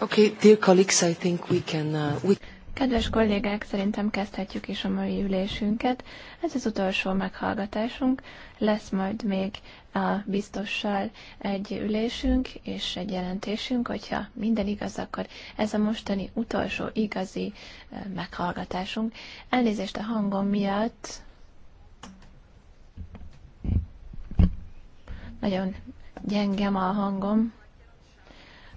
Okay, dear colleagues, I think we can, uh, we... Kedves kollégák, szerintem kezdhetjük is a mai ülésünket. Ez az utolsó meghallgatásunk. Lesz majd még a biztossal egy ülésünk és egy jelentésünk, hogyha minden igaz, akkor ez a mostani utolsó igazi meghallgatásunk. Elnézést a hangom miatt. Nagyon gyengem a hangom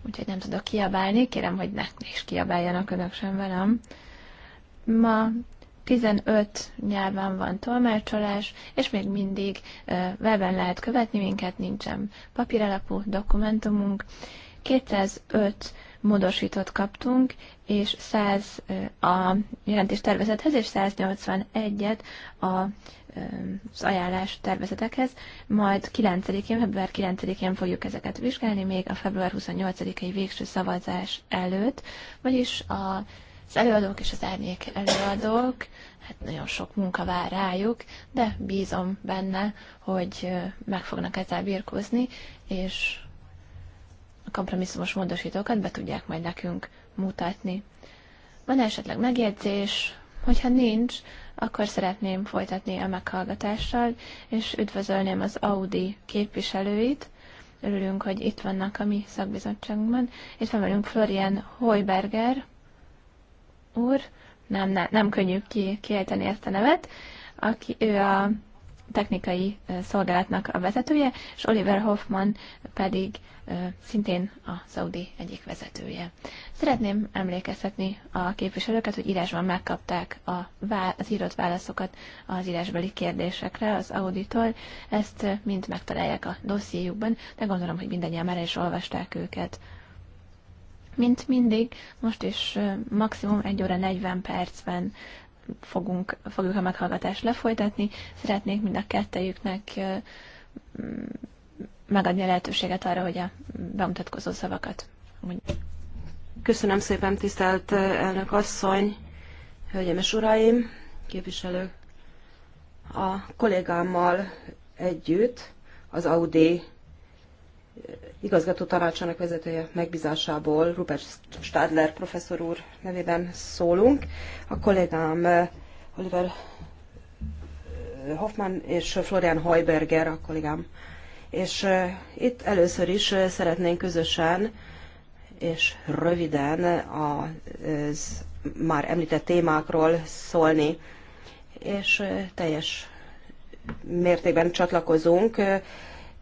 úgyhogy nem tudok kiabálni, kérem, hogy ne is kiabáljanak önök sem velem. Ma 15 nyelven van tolmácsolás, és még mindig webben lehet követni minket, nincsen papíralapú dokumentumunk. 205 módosítót kaptunk, és 100 a jelentés tervezethez, és 181-et a az ajánlás tervezetekhez, majd 9-én, február 9-én fogjuk ezeket vizsgálni, még a február 28-i végső szavazás előtt, vagyis a az előadók és az árnyék előadók, hát nagyon sok munka vár rájuk, de bízom benne, hogy meg fognak ezzel birkózni, és a kompromisszumos módosítókat be tudják majd nekünk mutatni. Van esetleg megjegyzés, hogyha nincs, akkor szeretném folytatni a meghallgatással, és üdvözölném az Audi képviselőit. Örülünk, hogy itt vannak a mi szakbizottságunkban. Itt van velünk Florian Hoiberger úr, nem, nem, nem könnyű ki, kiejteni ezt a nevet, aki ő a technikai szolgálatnak a vezetője, és Oliver Hoffman pedig szintén a Saudi egyik vezetője. Szeretném emlékeztetni a képviselőket, hogy írásban megkapták a vá- az írott válaszokat az írásbeli kérdésekre az auditól. Ezt mind megtalálják a dossziéjukban, de gondolom, hogy mindannyian már is olvasták őket. Mint mindig, most is maximum 1 óra 40 percben fogunk, fogjuk a meghallgatást lefolytatni. Szeretnék mind a kettejüknek mm, megadni a lehetőséget arra, hogy a bemutatkozó szavakat mondjuk. Köszönöm szépen, tisztelt elnök asszony, hölgyeim és uraim, képviselők. A kollégámmal együtt az Audi igazgató tanácsának vezetője megbízásából, Rupert Stadler professzor úr nevében szólunk. A kollégám eh, Oliver eh, Hoffman és Florian Heuberger a kollégám. És eh, itt először is szeretnénk közösen és röviden az már említett témákról szólni, és teljes mértékben csatlakozunk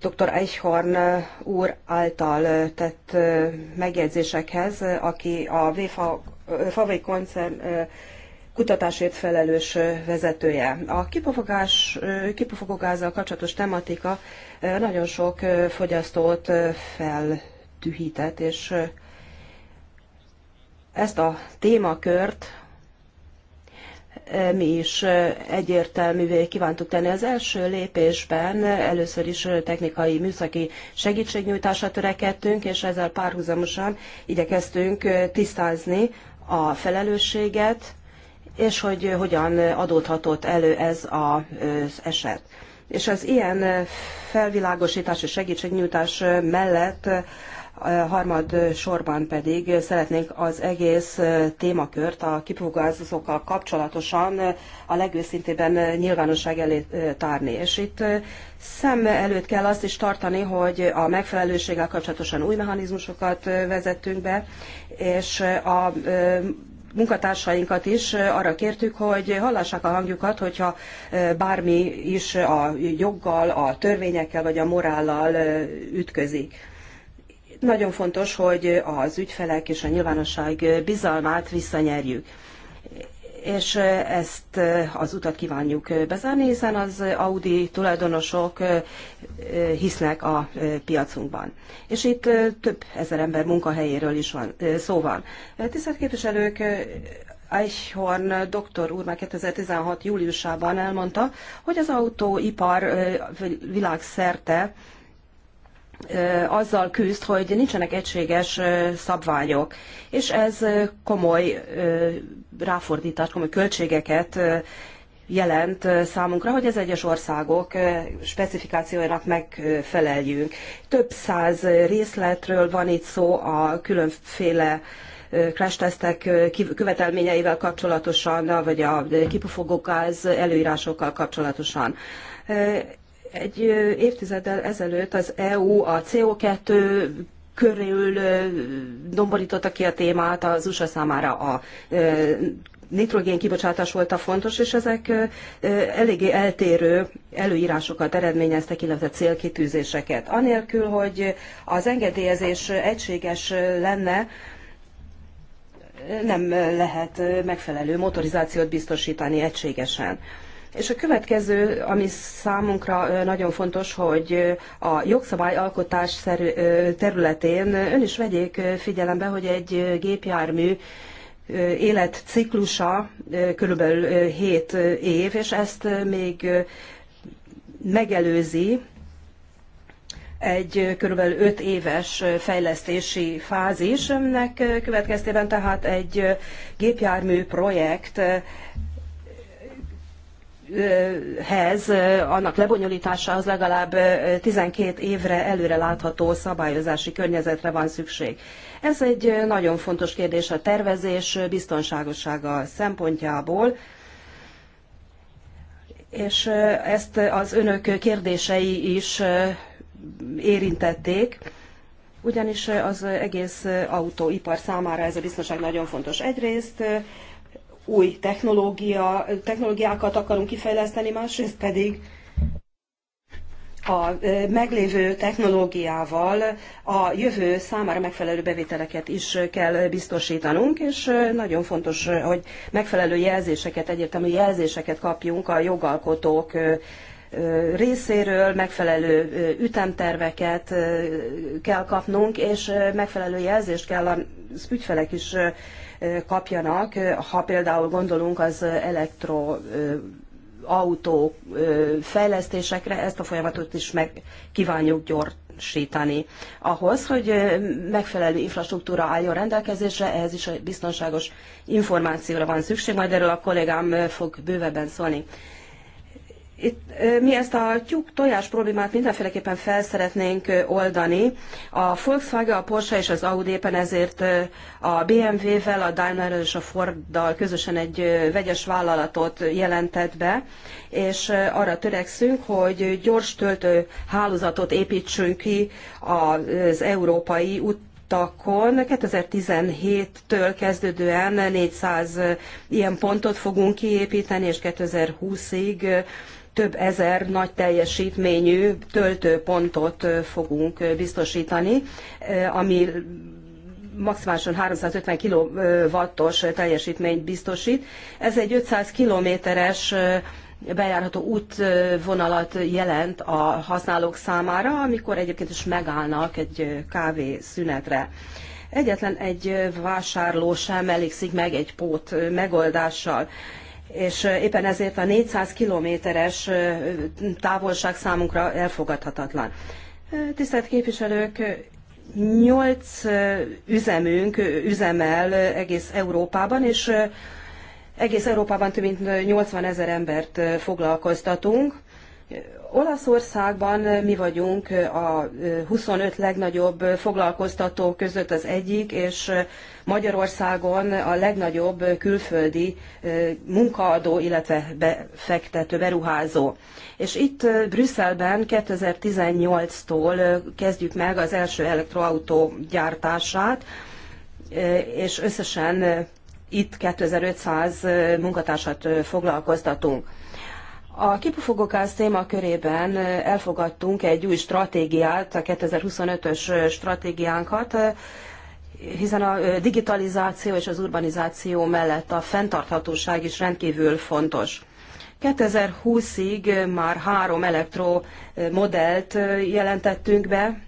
dr. Eichhorn úr által tett megjegyzésekhez, aki a VFA, Favai koncern kutatásért felelős vezetője. A kipofogás, kapcsolatos tematika nagyon sok fogyasztót feltühített, és ezt a témakört mi is egyértelművé kívántuk tenni. Az első lépésben először is technikai műszaki segítségnyújtásra törekedtünk, és ezzel párhuzamosan igyekeztünk tisztázni a felelősséget, és hogy hogyan adódhatott elő ez az eset. És az ilyen felvilágosítási segítségnyújtás mellett harmad sorban pedig szeretnénk az egész témakört a kipugázokkal kapcsolatosan a legőszintében nyilvánosság elé tárni. És itt szem előtt kell azt is tartani, hogy a megfelelőséggel kapcsolatosan új mechanizmusokat vezettünk be, és a munkatársainkat is arra kértük, hogy hallassák a hangjukat, hogyha bármi is a joggal, a törvényekkel vagy a morállal ütközik. Nagyon fontos, hogy az ügyfelek és a nyilvánosság bizalmát visszanyerjük. És ezt az utat kívánjuk bezárni, hiszen az Audi tulajdonosok hisznek a piacunkban. És itt több ezer ember munkahelyéről is van, szó van. Tisztelt képviselők, Eichhorn doktor úr már 2016. júliusában elmondta, hogy az autóipar világszerte azzal küzd, hogy nincsenek egységes szabványok, és ez komoly ráfordítást, komoly költségeket jelent számunkra, hogy az egyes országok specifikációjának megfeleljünk. Több száz részletről van itt szó a különféle crash tesztek követelményeivel kapcsolatosan, vagy a kipufogógáz előírásokkal kapcsolatosan. Egy évtizeddel ezelőtt az EU a CO2 körül domborította ki a témát, az USA számára a nitrogén kibocsátás volt a fontos, és ezek eléggé eltérő előírásokat eredményeztek, illetve célkitűzéseket. Anélkül, hogy az engedélyezés egységes lenne, nem lehet megfelelő motorizációt biztosítani egységesen. És a következő, ami számunkra nagyon fontos, hogy a jogszabályalkotás területén ön is vegyék figyelembe, hogy egy gépjármű életciklusa körülbelül 7 év, és ezt még megelőzi egy körülbelül 5 éves fejlesztési fázis, ennek következtében tehát egy gépjármű projekt hez, annak lebonyolításához legalább 12 évre előre látható szabályozási környezetre van szükség. Ez egy nagyon fontos kérdés a tervezés biztonságossága szempontjából, és ezt az önök kérdései is érintették, ugyanis az egész autóipar számára ez a biztonság nagyon fontos. Egyrészt új technológia, technológiákat akarunk kifejleszteni, másrészt pedig a e, meglévő technológiával a jövő számára megfelelő bevételeket is kell biztosítanunk, és e, nagyon fontos, e, hogy megfelelő jelzéseket, egyértelmű jelzéseket kapjunk a jogalkotók részéről, megfelelő ütemterveket kell kapnunk, és megfelelő jelzést kell az ügyfelek is kapjanak, ha például gondolunk az elektro autó fejlesztésekre, ezt a folyamatot is meg kívánjuk gyorsítani. Ahhoz, hogy megfelelő infrastruktúra álljon rendelkezésre, ehhez is biztonságos információra van szükség, majd erről a kollégám fog bővebben szólni. Itt mi ezt a tyúk tojás problémát mindenféleképpen fel szeretnénk oldani. A Volkswagen, a Porsche és az Audi éppen ezért a BMW-vel, a daimler és a Forddal közösen egy vegyes vállalatot jelentett be, és arra törekszünk, hogy gyors töltő hálózatot építsünk ki az európai út utakon 2017-től kezdődően 400 ilyen pontot fogunk kiépíteni, és 2020-ig több ezer nagy teljesítményű töltőpontot fogunk biztosítani, ami maximálisan 350 kW-os teljesítményt biztosít. Ez egy 500 kilométeres bejárható útvonalat jelent a használók számára, amikor egyébként is megállnak egy kávé szünetre. Egyetlen egy vásárló sem elégszik meg egy pót megoldással és éppen ezért a 400 kilométeres távolság számunkra elfogadhatatlan. Tisztelt képviselők, nyolc üzemünk üzemel egész Európában, és egész Európában több mint 80 ezer embert foglalkoztatunk. Olaszországban mi vagyunk a 25 legnagyobb foglalkoztató között az egyik, és Magyarországon a legnagyobb külföldi munkaadó, illetve befektető, beruházó. És itt Brüsszelben 2018-tól kezdjük meg az első elektroautó gyártását, és összesen itt 2500 munkatársat foglalkoztatunk. A kipufogókász téma körében elfogadtunk egy új stratégiát, a 2025-ös stratégiánkat, hiszen a digitalizáció és az urbanizáció mellett a fenntarthatóság is rendkívül fontos. 2020-ig már három elektromodellt jelentettünk be,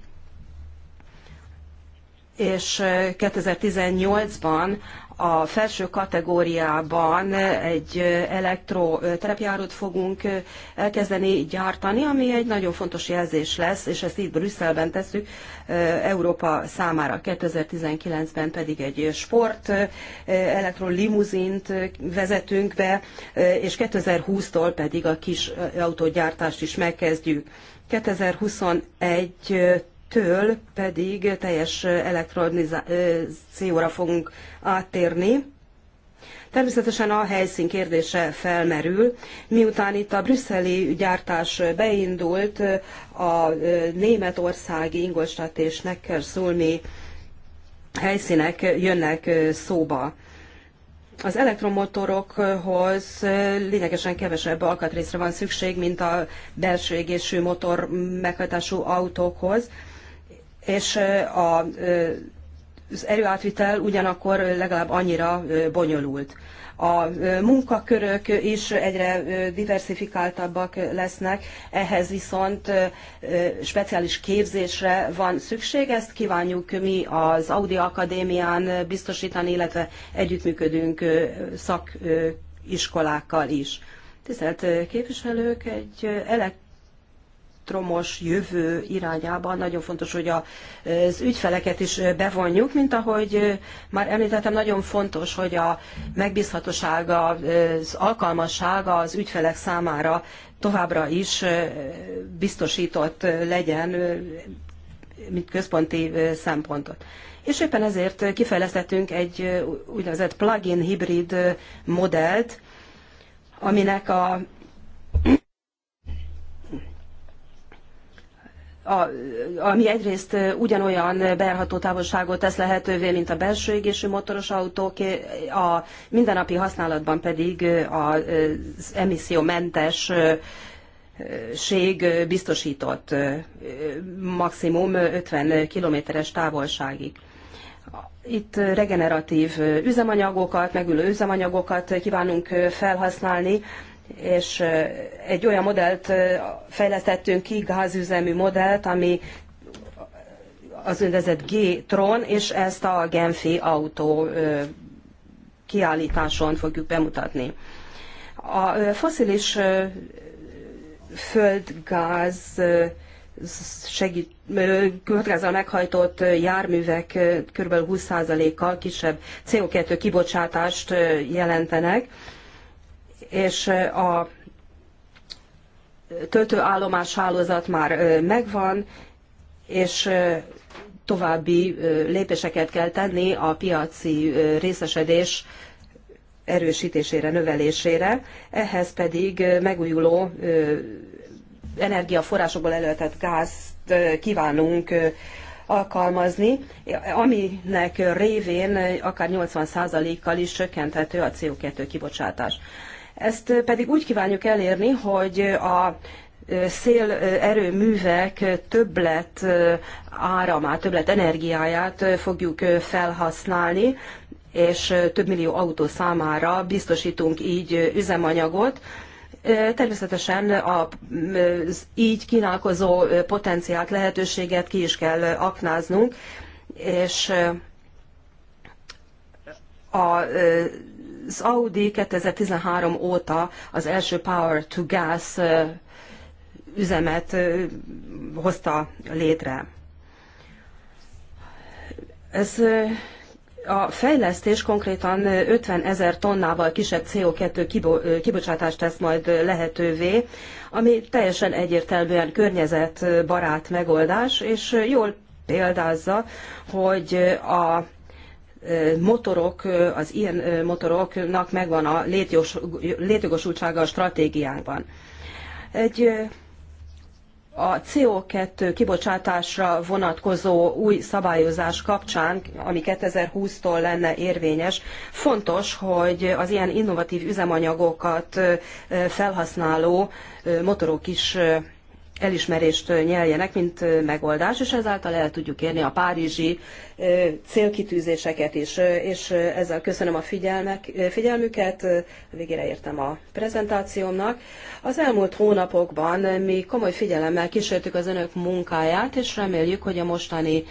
és 2018-ban a felső kategóriában egy elektroterepjárót fogunk elkezdeni gyártani, ami egy nagyon fontos jelzés lesz, és ezt itt Brüsszelben tesszük Európa számára. 2019-ben pedig egy sport elektrolimuzint vezetünk be, és 2020-tól pedig a kis autógyártást is megkezdjük. 2021 től pedig teljes elektronizációra fogunk áttérni. Természetesen a helyszín kérdése felmerül. Miután itt a brüsszeli gyártás beindult, a németországi Ingolstadt és Neckerszulmi helyszínek jönnek szóba. Az elektromotorokhoz lényegesen kevesebb alkatrészre van szükség, mint a belső égésű motor meghajtású autókhoz és a, az erőátvitel ugyanakkor legalább annyira bonyolult. A munkakörök is egyre diversifikáltabbak lesznek, ehhez viszont speciális képzésre van szükség, ezt kívánjuk mi az Audi Akadémián biztosítani, illetve együttműködünk szakiskolákkal is. Tisztelt képviselők, egy elek elektromos jövő irányában nagyon fontos, hogy az ügyfeleket is bevonjuk, mint ahogy már említettem, nagyon fontos, hogy a megbízhatósága, az alkalmassága az ügyfelek számára továbbra is biztosított legyen, mint központi szempontot. És éppen ezért kifejlesztettünk egy úgynevezett plug-in hibrid modellt, aminek a a, ami egyrészt ugyanolyan bejárható távolságot tesz lehetővé, mint a belső égésű motoros autók, a mindennapi használatban pedig az emissziómentes ség biztosított maximum 50 kilométeres távolságig. Itt regeneratív üzemanyagokat, megülő üzemanyagokat kívánunk felhasználni, és egy olyan modellt fejlesztettünk ki, gázüzemű modellt, ami az úgynevezett G-tron, és ezt a Genfi autó kiállításon fogjuk bemutatni. A foszilis földgáz segít, földgázzal meghajtott járművek kb. 20%-kal kisebb CO2 kibocsátást jelentenek, és a töltőállomás hálózat már megvan, és további lépéseket kell tenni a piaci részesedés erősítésére, növelésére, ehhez pedig megújuló energiaforrásokból előtett gázt kívánunk alkalmazni, aminek révén akár 80%-kal is csökkenthető a CO2 kibocsátás. Ezt pedig úgy kívánjuk elérni, hogy a szélerőművek többlet áramát, többlet energiáját fogjuk felhasználni, és több millió autó számára biztosítunk így üzemanyagot. Természetesen az így kínálkozó potenciált, lehetőséget ki is kell aknáznunk, és a az Audi 2013 óta az első Power to Gas üzemet hozta létre. Ez a fejlesztés konkrétan 50 ezer tonnával kisebb CO2 kibocsátást tesz majd lehetővé, ami teljesen egyértelműen környezetbarát megoldás, és jól példázza, hogy a motorok, az ilyen motoroknak megvan a létjos, létjogosultsága a stratégiánkban. Egy a CO2 kibocsátásra vonatkozó új szabályozás kapcsán, ami 2020-tól lenne érvényes, fontos, hogy az ilyen innovatív üzemanyagokat felhasználó motorok is elismerést nyeljenek, mint megoldás, és ezáltal el tudjuk érni a párizsi célkitűzéseket is. És ezzel köszönöm a figyelmek, figyelmüket, végére értem a prezentációmnak. Az elmúlt hónapokban mi komoly figyelemmel kísértük az önök munkáját, és reméljük, hogy a mostani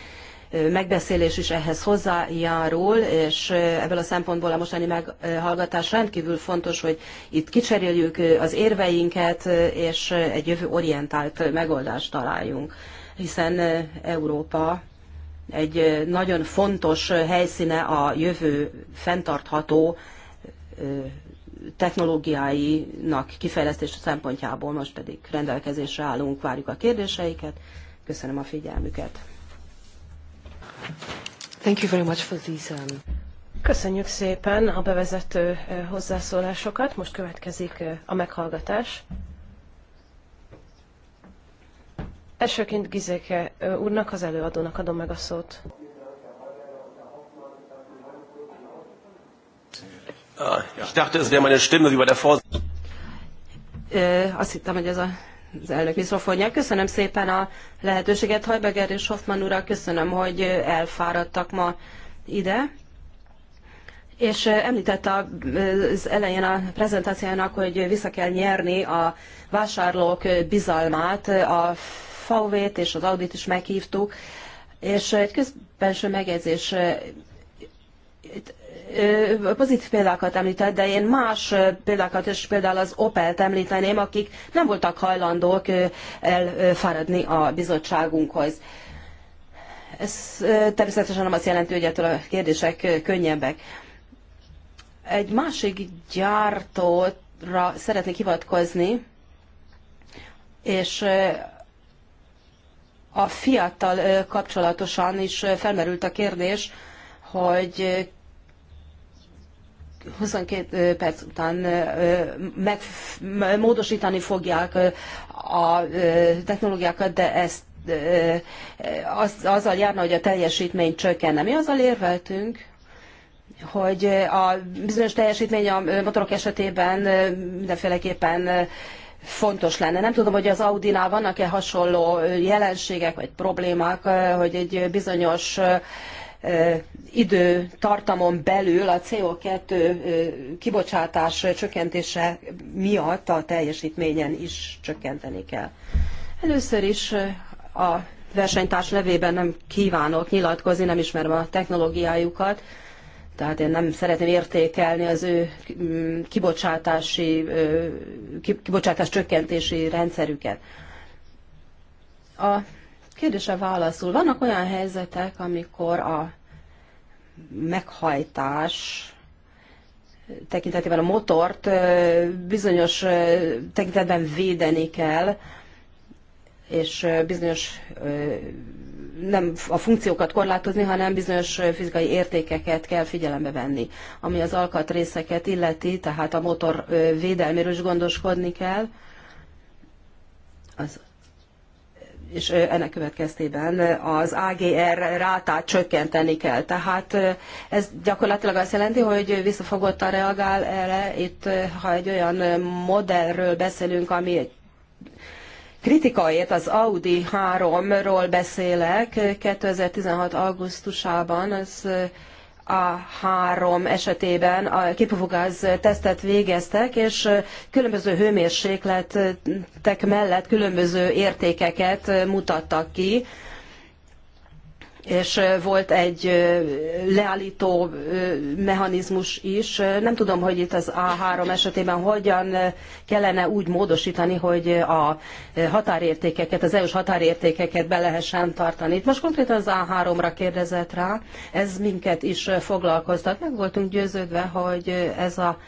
megbeszélés is ehhez hozzájárul, és ebből a szempontból a mostani meghallgatás rendkívül fontos, hogy itt kicseréljük az érveinket, és egy jövő orientált megoldást találjunk, hiszen Európa egy nagyon fontos helyszíne a jövő fenntartható technológiáinak kifejlesztés szempontjából most pedig rendelkezésre állunk, várjuk a kérdéseiket. Köszönöm a figyelmüket. Thank you very much for these, um... Köszönjük szépen a bevezető hozzászólásokat. Most következik a meghallgatás. Elsőként Gizéke úrnak, az előadónak adom meg a szót. Ah, ich dachte, es wäre meine Stimme, wie bei der Vorsitzenden. Azt hittem, ez a az elnök mikrofonja. Köszönöm szépen a lehetőséget, Hajbeger és Hoffman urak, köszönöm, hogy elfáradtak ma ide. És eh, említette az elején a prezentációnak, hogy vissza kell nyerni a vásárlók bizalmát, a FAUV-t és az Audit is meghívtuk, és egy közbenső megjegyzés eh, itt pozitív példákat említett, de én más példákat is, például az Opel-t említeném, akik nem voltak hajlandók elfáradni a bizottságunkhoz. Ez természetesen nem azt jelenti, hogy ettől a kérdések könnyebbek. Egy másik gyártóra szeretnék hivatkozni, és a fiattal kapcsolatosan is felmerült a kérdés, hogy 22 perc után meg, módosítani fogják a technológiákat, de ezt az, azzal járna, hogy a teljesítmény csökkenne. Mi azzal érveltünk, hogy a bizonyos teljesítmény a motorok esetében mindenféleképpen fontos lenne. Nem tudom, hogy az Audinál vannak-e hasonló jelenségek vagy problémák, hogy egy bizonyos időtartamon belül a CO2 kibocsátás csökkentése miatt a teljesítményen is csökkenteni kell. Először is a versenytárs nevében nem kívánok nyilatkozni, nem ismerem a technológiájukat, tehát én nem szeretném értékelni az ő mm, kibocsátási, kibocsátás csökkentési rendszerüket. A kérdése válaszul. Vannak olyan helyzetek, amikor a meghajtás tekintetében a motort bizonyos tekintetben védeni kell, és bizonyos nem a funkciókat korlátozni, hanem bizonyos fizikai értékeket kell figyelembe venni, ami az alkatrészeket illeti, tehát a motor védelméről is gondoskodni kell. Az és ennek következtében az AGR rátát csökkenteni kell. Tehát ez gyakorlatilag azt jelenti, hogy visszafogottan reagál erre. Itt, ha egy olyan modellről beszélünk, ami egy kritikaért az Audi 3-ról beszélek 2016. augusztusában, az a3 esetében a kipufogáz tesztet végeztek, és különböző hőmérsékletek mellett különböző értékeket mutattak ki, és volt egy leállító mechanizmus is. Nem tudom, hogy itt az A3 esetében hogyan kellene úgy módosítani, hogy a határértékeket, az EU-s határértékeket be lehessen tartani. Itt most konkrétan az A3-ra kérdezett rá, ez minket is foglalkoztat. Meg voltunk győződve, hogy ez a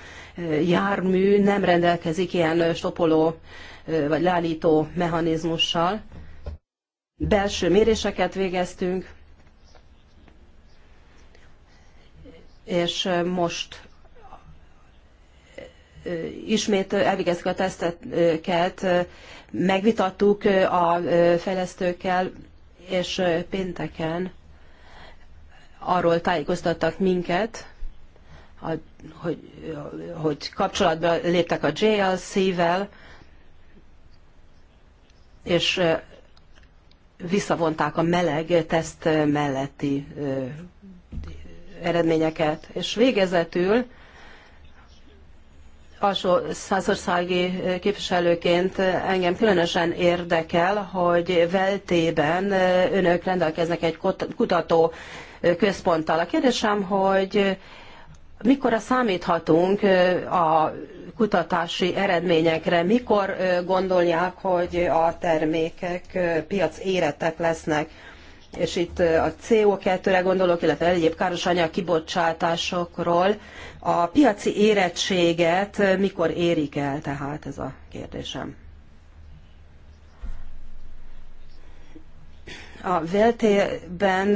jármű nem rendelkezik ilyen stopoló vagy leállító mechanizmussal. Belső méréseket végeztünk, és most ismét elvégezzük a teszteket, megvitattuk a fejlesztőkkel, és pénteken arról tájékoztattak minket, hogy, hogy kapcsolatba léptek a JLC-vel, és visszavonták a meleg teszt melletti eredményeket. És végezetül alsó százországi képviselőként engem különösen érdekel, hogy Veltében önök rendelkeznek egy kutató központtal. A kérdésem, hogy mikor számíthatunk a kutatási eredményekre, mikor gondolják, hogy a termékek piac éretek lesznek és itt a CO2-re gondolok, illetve egyéb káros anyag kibocsátásokról. A piaci érettséget mikor érik el, tehát ez a kérdésem. A Veltében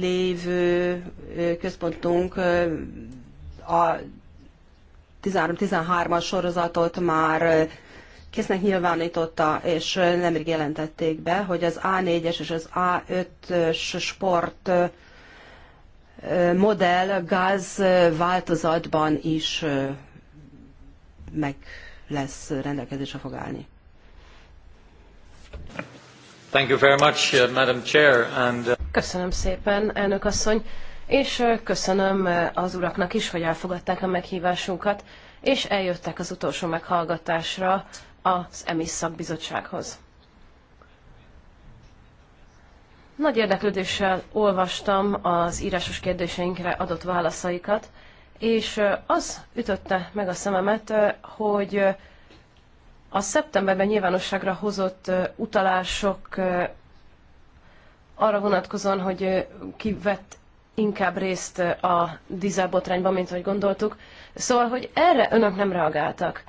lévő központunk a 13-13-as sorozatot már késznek nyilvánította, és nemrég jelentették be, hogy az A4-es és az A5-ös sport modell gáz változatban is meg lesz rendelkezésre fog állni. Thank you very much, uh, Madam Chair, and... Uh, köszönöm szépen, elnök asszony, és köszönöm az uraknak is, hogy elfogadták a meghívásunkat, és eljöttek az utolsó meghallgatásra az EMI szakbizottsághoz. Nagy érdeklődéssel olvastam az írásos kérdéseinkre adott válaszaikat, és az ütötte meg a szememet, hogy a szeptemberben nyilvánosságra hozott utalások arra vonatkozóan, hogy ki vett inkább részt a dízelbotrányban, mint ahogy gondoltuk. Szóval, hogy erre önök nem reagáltak.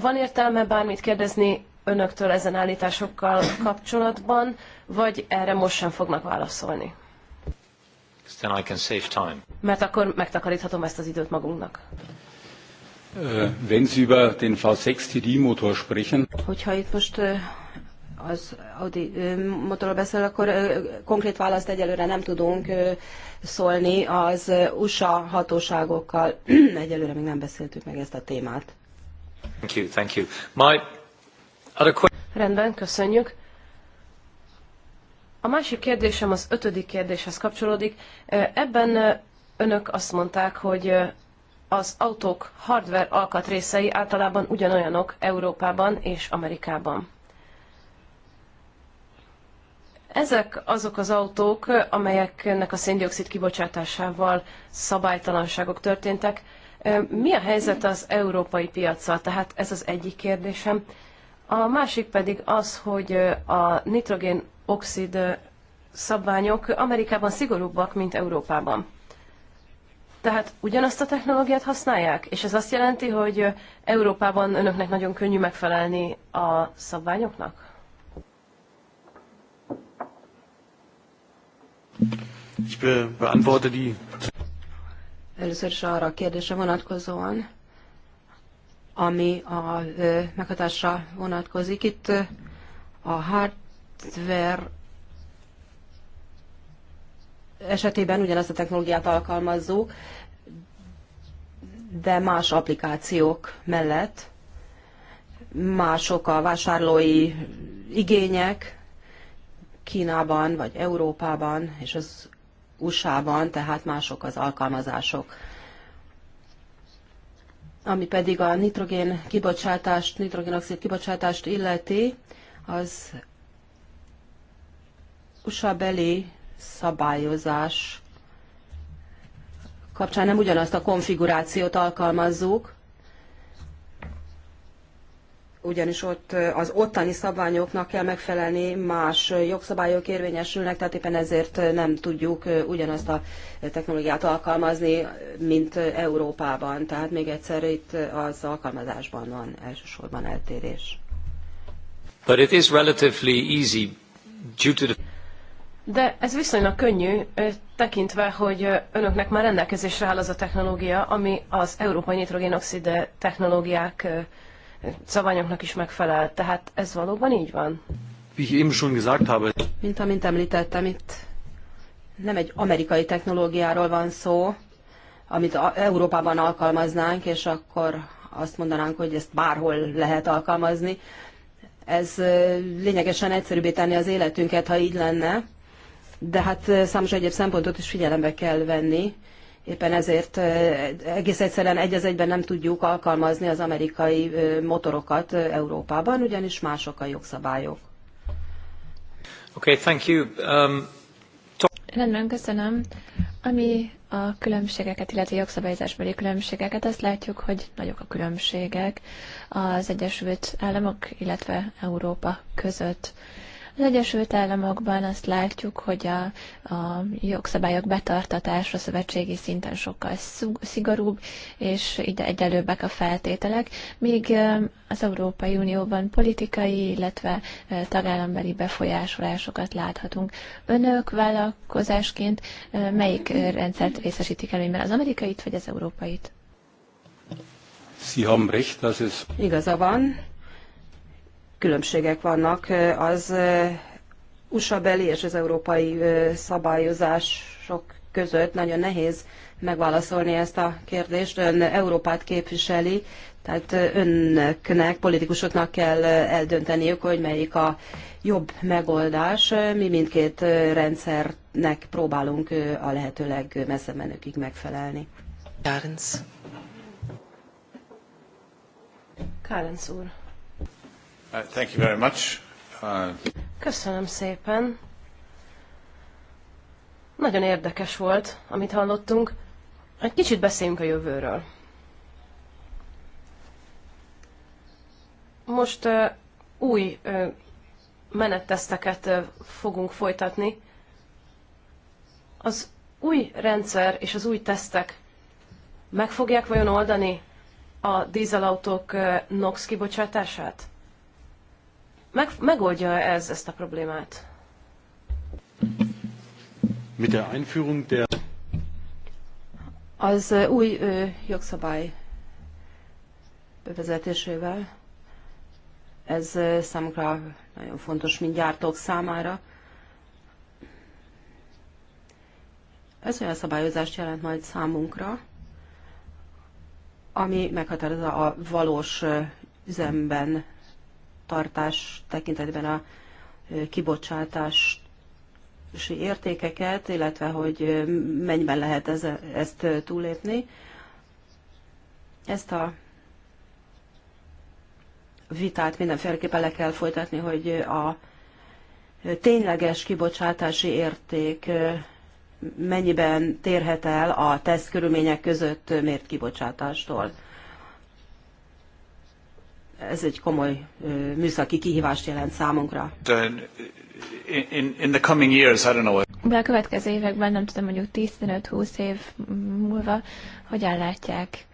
Van értelme bármit kérdezni önöktől ezen állításokkal kapcsolatban, vagy erre most sem fognak válaszolni? Then I can save time. Mert akkor megtakaríthatom ezt az időt magunknak. Wenn Sie über den V6 TDI-Motor sprechen. Hogyha itt most az Audi motorról beszél, akkor konkrét választ egyelőre nem tudunk szólni. Az USA hatóságokkal egyelőre még nem beszéltük meg ezt a témát. Thank you, thank you. My other Rendben, köszönjük. A másik kérdésem az ötödik kérdéshez kapcsolódik. Ebben önök azt mondták, hogy az autók hardware alkatrészei általában ugyanolyanok Európában és Amerikában. Ezek azok az autók, amelyeknek a széndiokszid kibocsátásával szabálytalanságok történtek, mi a helyzet az európai piaccal? Tehát ez az egyik kérdésem. A másik pedig az, hogy a nitrogén oxid szabványok Amerikában szigorúbbak, mint Európában. Tehát ugyanazt a technológiát használják, és ez azt jelenti, hogy Európában önöknek nagyon könnyű megfelelni a szabványoknak? Ich beantworte die Először is arra a kérdésre vonatkozóan, ami a meghatásra vonatkozik. Itt a hardware esetében ugyanezt a technológiát alkalmazzuk, de más applikációk mellett mások a vásárlói igények Kínában vagy Európában és az USA-ban, tehát mások az alkalmazások. Ami pedig a nitrogén kibocsátást, nitrogénoxid kibocsátást illeti, az USA beli szabályozás kapcsán nem ugyanazt a konfigurációt alkalmazzuk, ugyanis ott az ottani szabványoknak kell megfelelni, más jogszabályok érvényesülnek, tehát éppen ezért nem tudjuk ugyanazt a technológiát alkalmazni, mint Európában. Tehát még egyszer itt az alkalmazásban van elsősorban eltérés. But it is relatively easy due to the... De ez viszonylag könnyű, tekintve, hogy önöknek már rendelkezésre áll az a technológia, ami az európai nitrogénoxid technológiák szabályoknak is megfelel. Tehát ez valóban így van? Mint amint említettem, itt nem egy amerikai technológiáról van szó, amit Európában alkalmaznánk, és akkor azt mondanánk, hogy ezt bárhol lehet alkalmazni. Ez lényegesen egyszerűbbé tenni az életünket, ha így lenne, de hát számos egyéb szempontot is figyelembe kell venni, éppen ezért egész egyszerűen egy az egyben nem tudjuk alkalmazni az amerikai motorokat Európában, ugyanis mások a jogszabályok. Okay, thank you. Um, Rendben, köszönöm. Ami a különbségeket, illetve jogszabályzásbeli különbségeket, azt látjuk, hogy nagyok a különbségek az Egyesült Államok, illetve Európa között. Az Egyesült Államokban azt látjuk, hogy a, a jogszabályok betartatása szövetségi szinten sokkal szigorúbb, és ide egyelőbbek a feltételek, míg az Európai Unióban politikai, illetve tagállambeli befolyásolásokat láthatunk. Önök vállalkozásként melyik rendszert részesítik előnyben, az amerikait vagy az európait? Sie haben recht, dass es... Igaza van, különbségek vannak az USA beli és az európai szabályozások között. Nagyon nehéz megválaszolni ezt a kérdést. Ön Európát képviseli, tehát önnek, politikusoknak kell eldönteniük, hogy melyik a jobb megoldás. Mi mindkét rendszernek próbálunk a lehető legmesszebb menőkig megfelelni. Kárenc. Kárenc úr. Uh, thank you very much. Uh, Köszönöm szépen. Nagyon érdekes volt, amit hallottunk. Egy kicsit beszéljünk a jövőről. Most uh, új uh, menetteszteket uh, fogunk folytatni. Az új rendszer és az új tesztek meg fogják vajon oldani a dízelautók uh, NOx kibocsátását? Meg, megoldja ez ezt a problémát? Mit der Einführung der az új ö, jogszabály bevezetésével ez számukra nagyon fontos, mint gyártók számára. Ez olyan szabályozást jelent majd számunkra, ami meghatározza a valós üzemben tartás tekintetben a kibocsátási értékeket, illetve hogy mennyiben lehet ez, ezt túlépni. Ezt a vitát mindenféleképpen le kell folytatni, hogy a tényleges kibocsátási érték mennyiben térhet el a teszt körülmények között mért kibocsátástól ez egy komoly műszaki kihívást jelent számunkra. In, the coming years, I don't know. De a következő években, nem tudom, mondjuk 15-20 év múlva, hogyan látják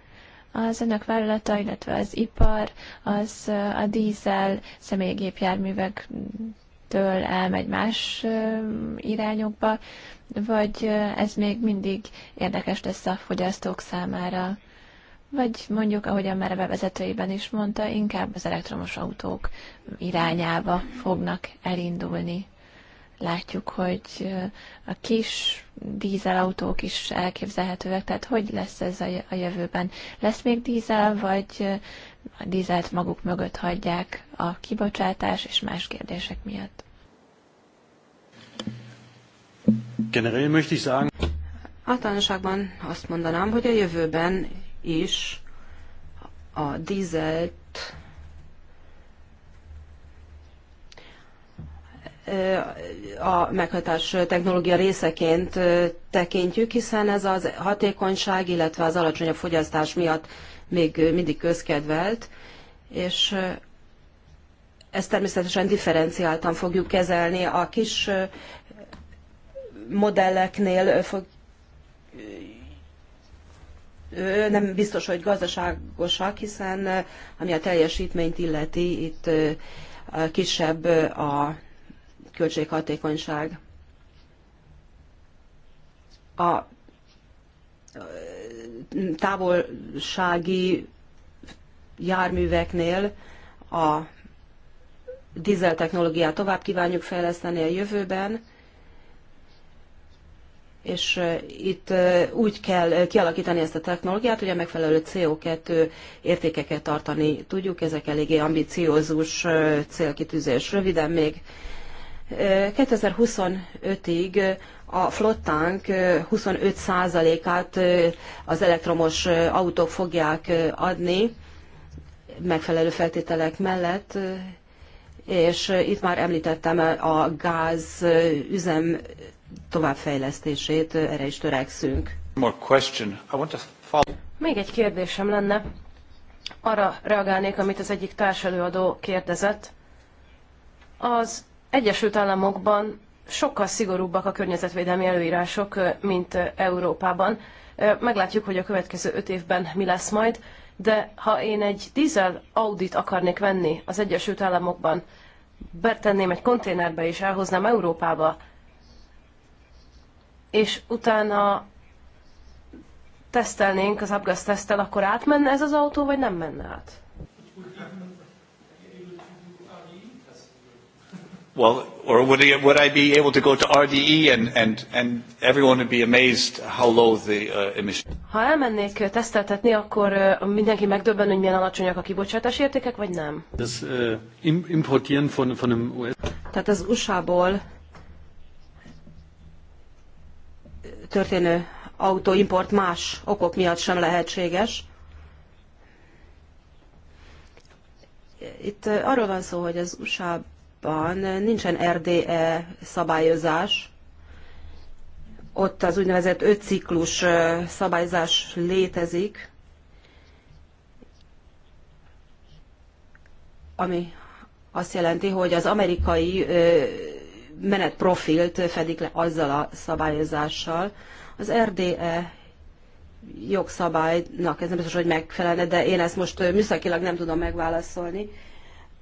az önök vállalata, illetve az ipar, az a dízel személygépjárművektől elmegy más irányokba, vagy ez még mindig érdekes lesz a fogyasztók számára? vagy mondjuk, ahogy már a bevezetőiben is mondta, inkább az elektromos autók irányába fognak elindulni. Látjuk, hogy a kis dízelautók is elképzelhetőek, tehát hogy lesz ez a jövőben? Lesz még dízel, vagy a dízelt maguk mögött hagyják a kibocsátás és más kérdések miatt? Generell möchte ich sagen, Általánosságban azt mondanám, hogy a jövőben is a dízelt a meghatás technológia részeként tekintjük, hiszen ez az hatékonyság, illetve az alacsonyabb fogyasztás miatt még mindig közkedvelt, és ezt természetesen differenciáltan fogjuk kezelni. A kis modelleknél fog nem biztos, hogy gazdaságosak, hiszen ami a teljesítményt illeti, itt kisebb a költséghatékonyság. A távolsági járműveknél a dízel technológiát tovább kívánjuk fejleszteni a jövőben, és itt úgy kell kialakítani ezt a technológiát, hogy a megfelelő CO2 értékeket tartani tudjuk, ezek eléggé ambiciózus célkitűzés. Röviden még 2025-ig a flottánk 25%-át az elektromos autók fogják adni megfelelő feltételek mellett, és itt már említettem a gáz üzem továbbfejlesztését, erre is törekszünk. Még egy kérdésem lenne. Arra reagálnék, amit az egyik társelőadó kérdezett. Az Egyesült Államokban sokkal szigorúbbak a környezetvédelmi előírások, mint Európában. Meglátjuk, hogy a következő öt évben mi lesz majd, de ha én egy dízel Audit akarnék venni az Egyesült Államokban, betenném egy konténerbe és elhoznám Európába, és utána tesztelnénk az abgas tesztel, akkor átmenne ez az autó, vagy nem menne át? Well, or would, I, would I be able to go to RDE and, and, and everyone would be amazed how low the uh, emission? Ha elmennék teszteltetni, akkor mindenki megdöbben, hogy milyen alacsonyak a kibocsátási értékek, vagy nem? Das, uh, importieren von, von einem US... Tehát az USA-ból történő autóimport más okok miatt sem lehetséges. Itt arról van szó, hogy az USA-ban nincsen RDE szabályozás, ott az úgynevezett ötciklus szabályzás létezik, ami azt jelenti, hogy az amerikai menetprofilt fedik le azzal a szabályozással. Az RDE jogszabálynak ez nem biztos, hogy megfelelne, de én ezt most műszakilag nem tudom megválaszolni.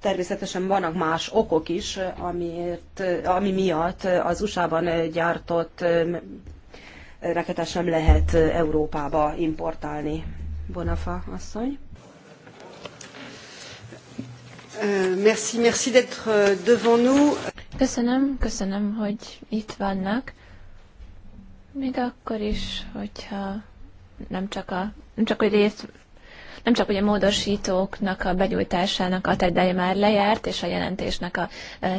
Természetesen vannak más okok is, amiért, ami miatt az USA-ban gyártott rakétát sem lehet Európába importálni. Bonafa asszony. Euh, merci, merci d'être euh, devant nous. Köszönöm, köszönöm, hogy itt vannak. Még akkor is, hogyha nem csak, a, nem csak hogy részt nem csak hogy a módosítóknak a begyújtásának a tedeje már lejárt, és a jelentésnek a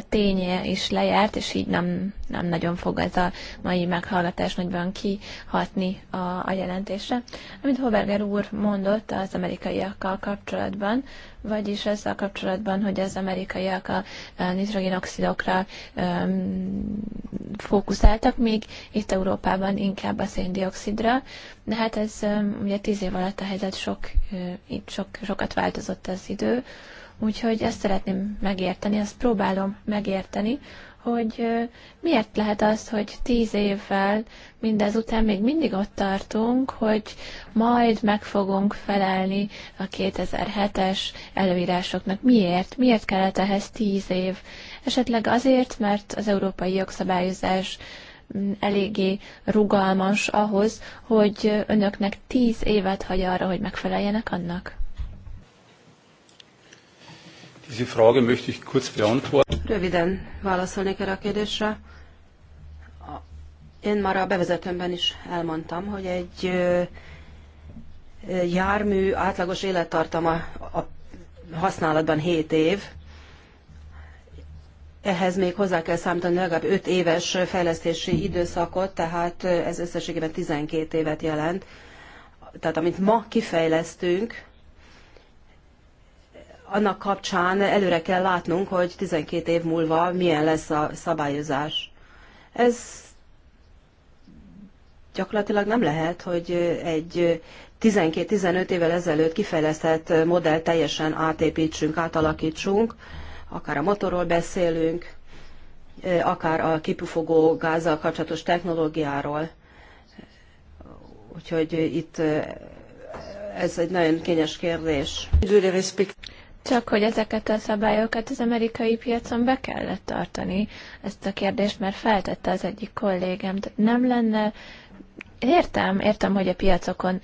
ténye is lejárt, és így nem nem nagyon fog ez a mai meghallgatás nagyban kihatni a, a jelentésre. Amit Hoberger úr mondott az amerikaiakkal kapcsolatban, vagyis ezzel kapcsolatban, hogy az amerikaiak a nitrogénoxidokra um, fókuszáltak, míg itt Európában inkább a széndiokszidra. De hát ez um, ugye tíz év alatt a helyzet sok, itt sok, sokat változott az idő, úgyhogy ezt szeretném megérteni, ezt próbálom megérteni, hogy miért lehet az, hogy tíz évvel mindezután még mindig ott tartunk, hogy majd meg fogunk felelni a 2007-es előírásoknak. Miért? Miért kellett ehhez tíz év? Esetleg azért, mert az európai jogszabályozás mm, eléggé rugalmas ahhoz, hogy önöknek tíz évet hagy arra, hogy megfeleljenek annak? Diese Frage möchte ich kurz beantworten. Röviden válaszolnék erre a kérdésre. Én már a bevezetőmben is elmondtam, hogy egy jármű átlagos élettartama a használatban 7 év, ehhez még hozzá kell számítani legalább 5 éves fejlesztési időszakot, tehát ez összességében 12 évet jelent. Tehát amit ma kifejlesztünk, annak kapcsán előre kell látnunk, hogy 12 év múlva milyen lesz a szabályozás. Ez gyakorlatilag nem lehet, hogy egy 12-15 évvel ezelőtt kifejlesztett modell teljesen átépítsünk, átalakítsunk, akár a motorról beszélünk, akár a kipufogó gázzal kapcsolatos technológiáról. Úgyhogy itt ez egy nagyon kényes kérdés. Csak hogy ezeket a szabályokat az amerikai piacon be kellett tartani. Ezt a kérdést mert feltette az egyik kollégám. Nem lenne Értem, értem, hogy a piacokon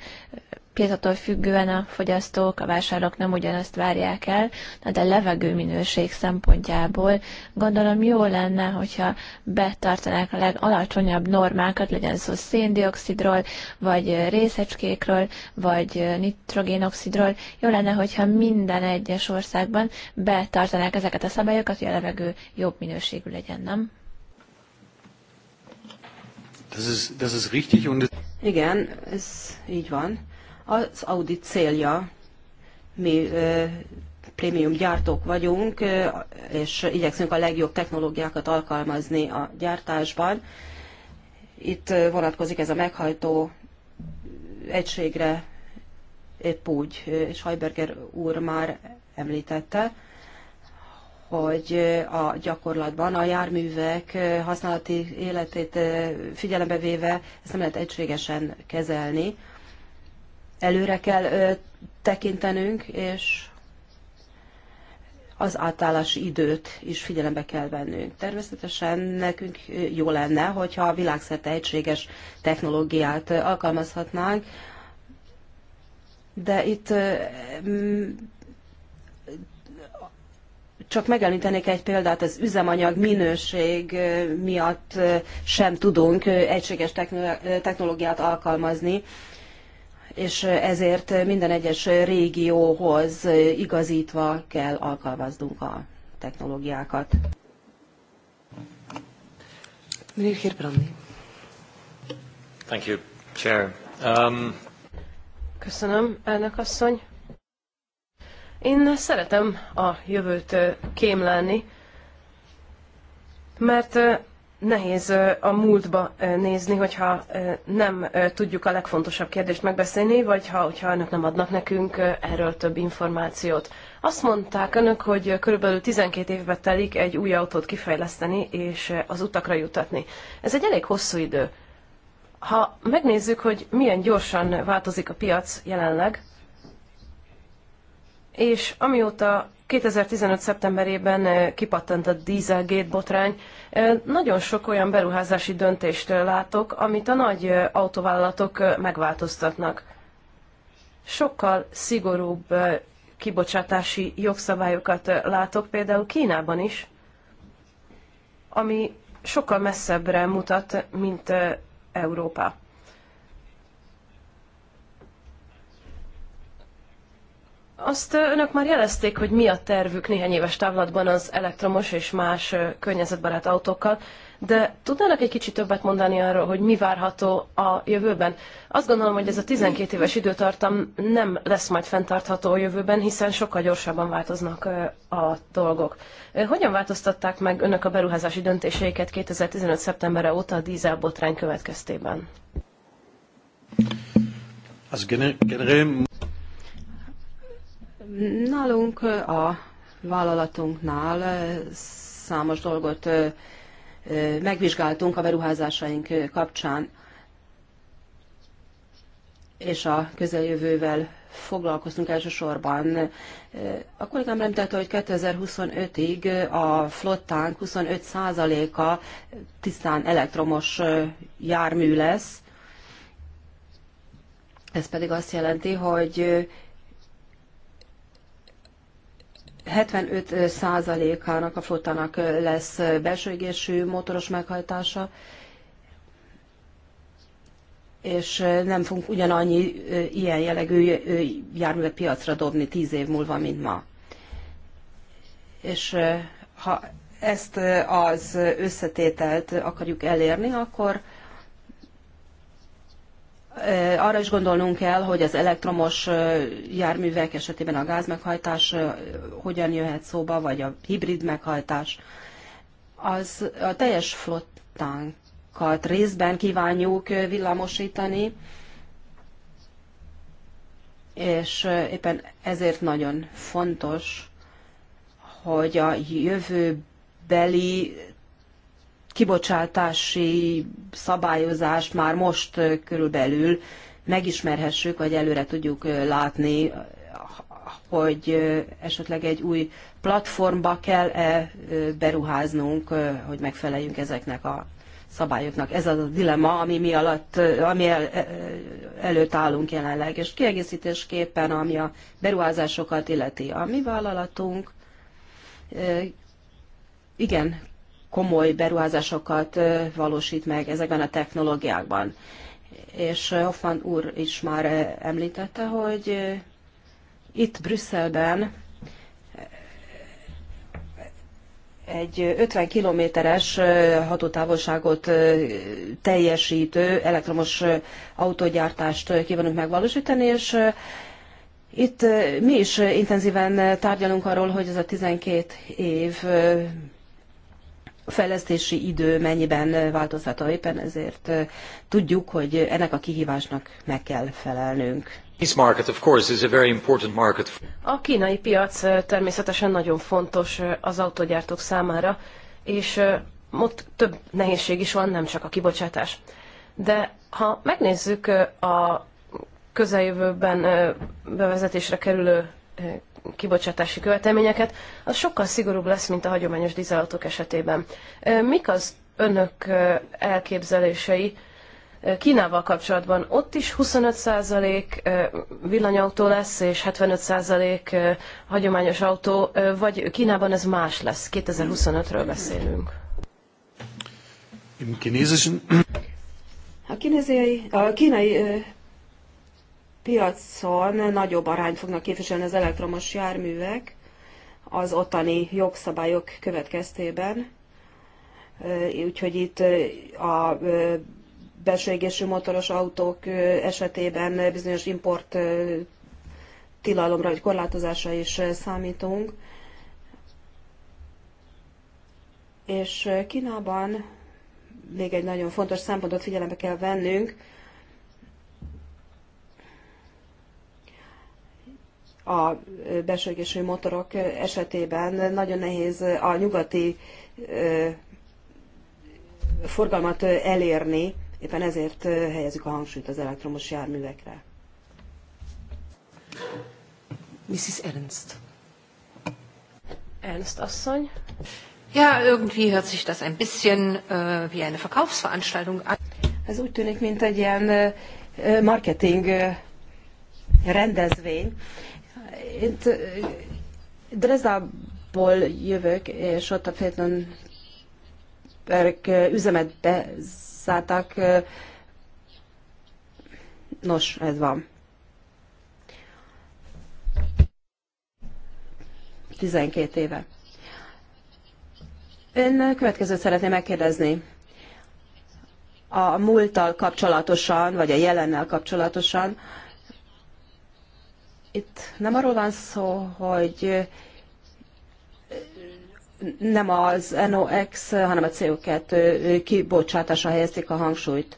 piacattól függően a fogyasztók, a vásárlók nem ugyanazt várják el, de a levegő minőség szempontjából gondolom jó lenne, hogyha betartanák a legalacsonyabb normákat, legyen szó széndiokszidról, vagy részecskékről, vagy nitrogénoxidról. Jó lenne, hogyha minden egyes országban betartanák ezeket a szabályokat, hogy a levegő jobb minőségű legyen, nem? Das ist, das ist richtig und Igen, ez így van az audit célja, mi prémium gyártók vagyunk, és igyekszünk a legjobb technológiákat alkalmazni a gyártásban. Itt vonatkozik ez a meghajtó egységre épp úgy, és Heiberger úr már említette, hogy a gyakorlatban a járművek használati életét figyelembe véve ezt nem lehet egységesen kezelni előre kell tekintenünk, és az átállási időt is figyelembe kell vennünk. Természetesen nekünk jó lenne, hogyha a világszerte egységes technológiát alkalmazhatnánk, de itt csak megelintenék egy példát, az üzemanyag minőség miatt sem tudunk egységes technológiát alkalmazni, és ezért minden egyes régióhoz igazítva kell alkalmaznunk a technológiákat. Thank you, Chair. Um... Köszönöm, elnök asszony. Én szeretem a jövőt kémlelni, mert nehéz a múltba nézni, hogyha nem tudjuk a legfontosabb kérdést megbeszélni, vagy ha, hogyha önök nem adnak nekünk erről több információt. Azt mondták önök, hogy körülbelül 12 évbe telik egy új autót kifejleszteni és az utakra jutatni. Ez egy elég hosszú idő. Ha megnézzük, hogy milyen gyorsan változik a piac jelenleg, és amióta 2015. szeptemberében eh, kipattant a Dieselgate botrány. Eh, nagyon sok olyan beruházási döntést eh, látok, amit a nagy autovállalatok megváltoztatnak. Sokkal szigorúbb kibocsátási jogszabályokat látok például Kínában is, ami sokkal messzebbre mutat, mint Európa. Azt önök már jelezték, hogy mi a tervük néhány éves távlatban az elektromos és más környezetbarát autókkal, de tudnának egy kicsit többet mondani arról, hogy mi várható a jövőben? Azt gondolom, hogy ez a 12 éves időtartam nem lesz majd fenntartható a jövőben, hiszen sokkal gyorsabban változnak a dolgok. Hogyan változtatták meg önök a beruházási döntéseiket 2015. szeptemberre óta a dízelbotrány következtében? Az generell Nálunk a vállalatunknál számos dolgot megvizsgáltunk a beruházásaink kapcsán, és a közeljövővel foglalkoztunk elsősorban. A kollégám említette, hogy 2025-ig a flottánk 25%-a tisztán elektromos jármű lesz, ez pedig azt jelenti, hogy 75%-ának a flottának lesz belső égésű motoros meghajtása, és nem fogunk ugyanannyi ilyen jellegű járművet piacra dobni tíz év múlva, mint ma. És ha ezt az összetételt akarjuk elérni, akkor arra is gondolnunk kell, hogy az elektromos járművek esetében a gázmeghajtás hogyan jöhet szóba, vagy a hibrid meghajtás. Az a teljes flottánkat részben kívánjuk villamosítani, és éppen ezért nagyon fontos, hogy a jövőbeli kibocsátási szabályozást már most körülbelül megismerhessük, vagy előre tudjuk látni, hogy esetleg egy új platformba kell-e beruháznunk, hogy megfeleljünk ezeknek a szabályoknak. Ez az a dilemma, ami mi alatt, ami el, előtt állunk jelenleg. És kiegészítésképpen, ami a beruházásokat illeti, a mi vállalatunk igen komoly beruházásokat valósít meg ezekben a technológiákban. És Hoffman úr is már említette, hogy itt Brüsszelben egy 50 kilométeres hatótávolságot teljesítő elektromos autógyártást kívánunk megvalósítani, és itt mi is intenzíven tárgyalunk arról, hogy ez a 12 év fejlesztési idő mennyiben változhat éppen, ezért tudjuk, hogy ennek a kihívásnak meg kell felelnünk. A kínai piac természetesen nagyon fontos az autogyártók számára, és ott több nehézség is van, nem csak a kibocsátás. De ha megnézzük a közeljövőben bevezetésre kerülő kibocsátási követelményeket, az sokkal szigorúbb lesz, mint a hagyományos dizelautók esetében. Mik az önök elképzelései Kínával kapcsolatban? Ott is 25% villanyautó lesz, és 75% hagyományos autó, vagy Kínában ez más lesz? 2025-ről beszélünk. a kínai piacon nagyobb arányt fognak képviselni az elektromos járművek az ottani jogszabályok következtében. Úgyhogy itt a belső égésű motoros autók esetében bizonyos import tilalomra vagy korlátozásra is számítunk. És Kínában még egy nagyon fontos szempontot figyelembe kell vennünk, a belsőgésű motorok esetében nagyon nehéz a nyugati forgalmat elérni, éppen ezért helyezzük a hangsúlyt az elektromos járművekre. Mrs. Ernst. Ernst asszony. Ja, irgendwie hört sich das ein bisschen äh, wie eine Verkaufsveranstaltung an. Ez úgy tűnik, mint egy ilyen marketing rendezvény. Én Drezából jövök, és ott a Fétlenberg üzemet bezárták. Nos, ez van. 12 éve. Ön következőt szeretném megkérdezni. A múlttal kapcsolatosan, vagy a jelennel kapcsolatosan, itt nem arról van szó, hogy nem az NOx, hanem a CO2 kibocsátása helyezték a hangsúlyt.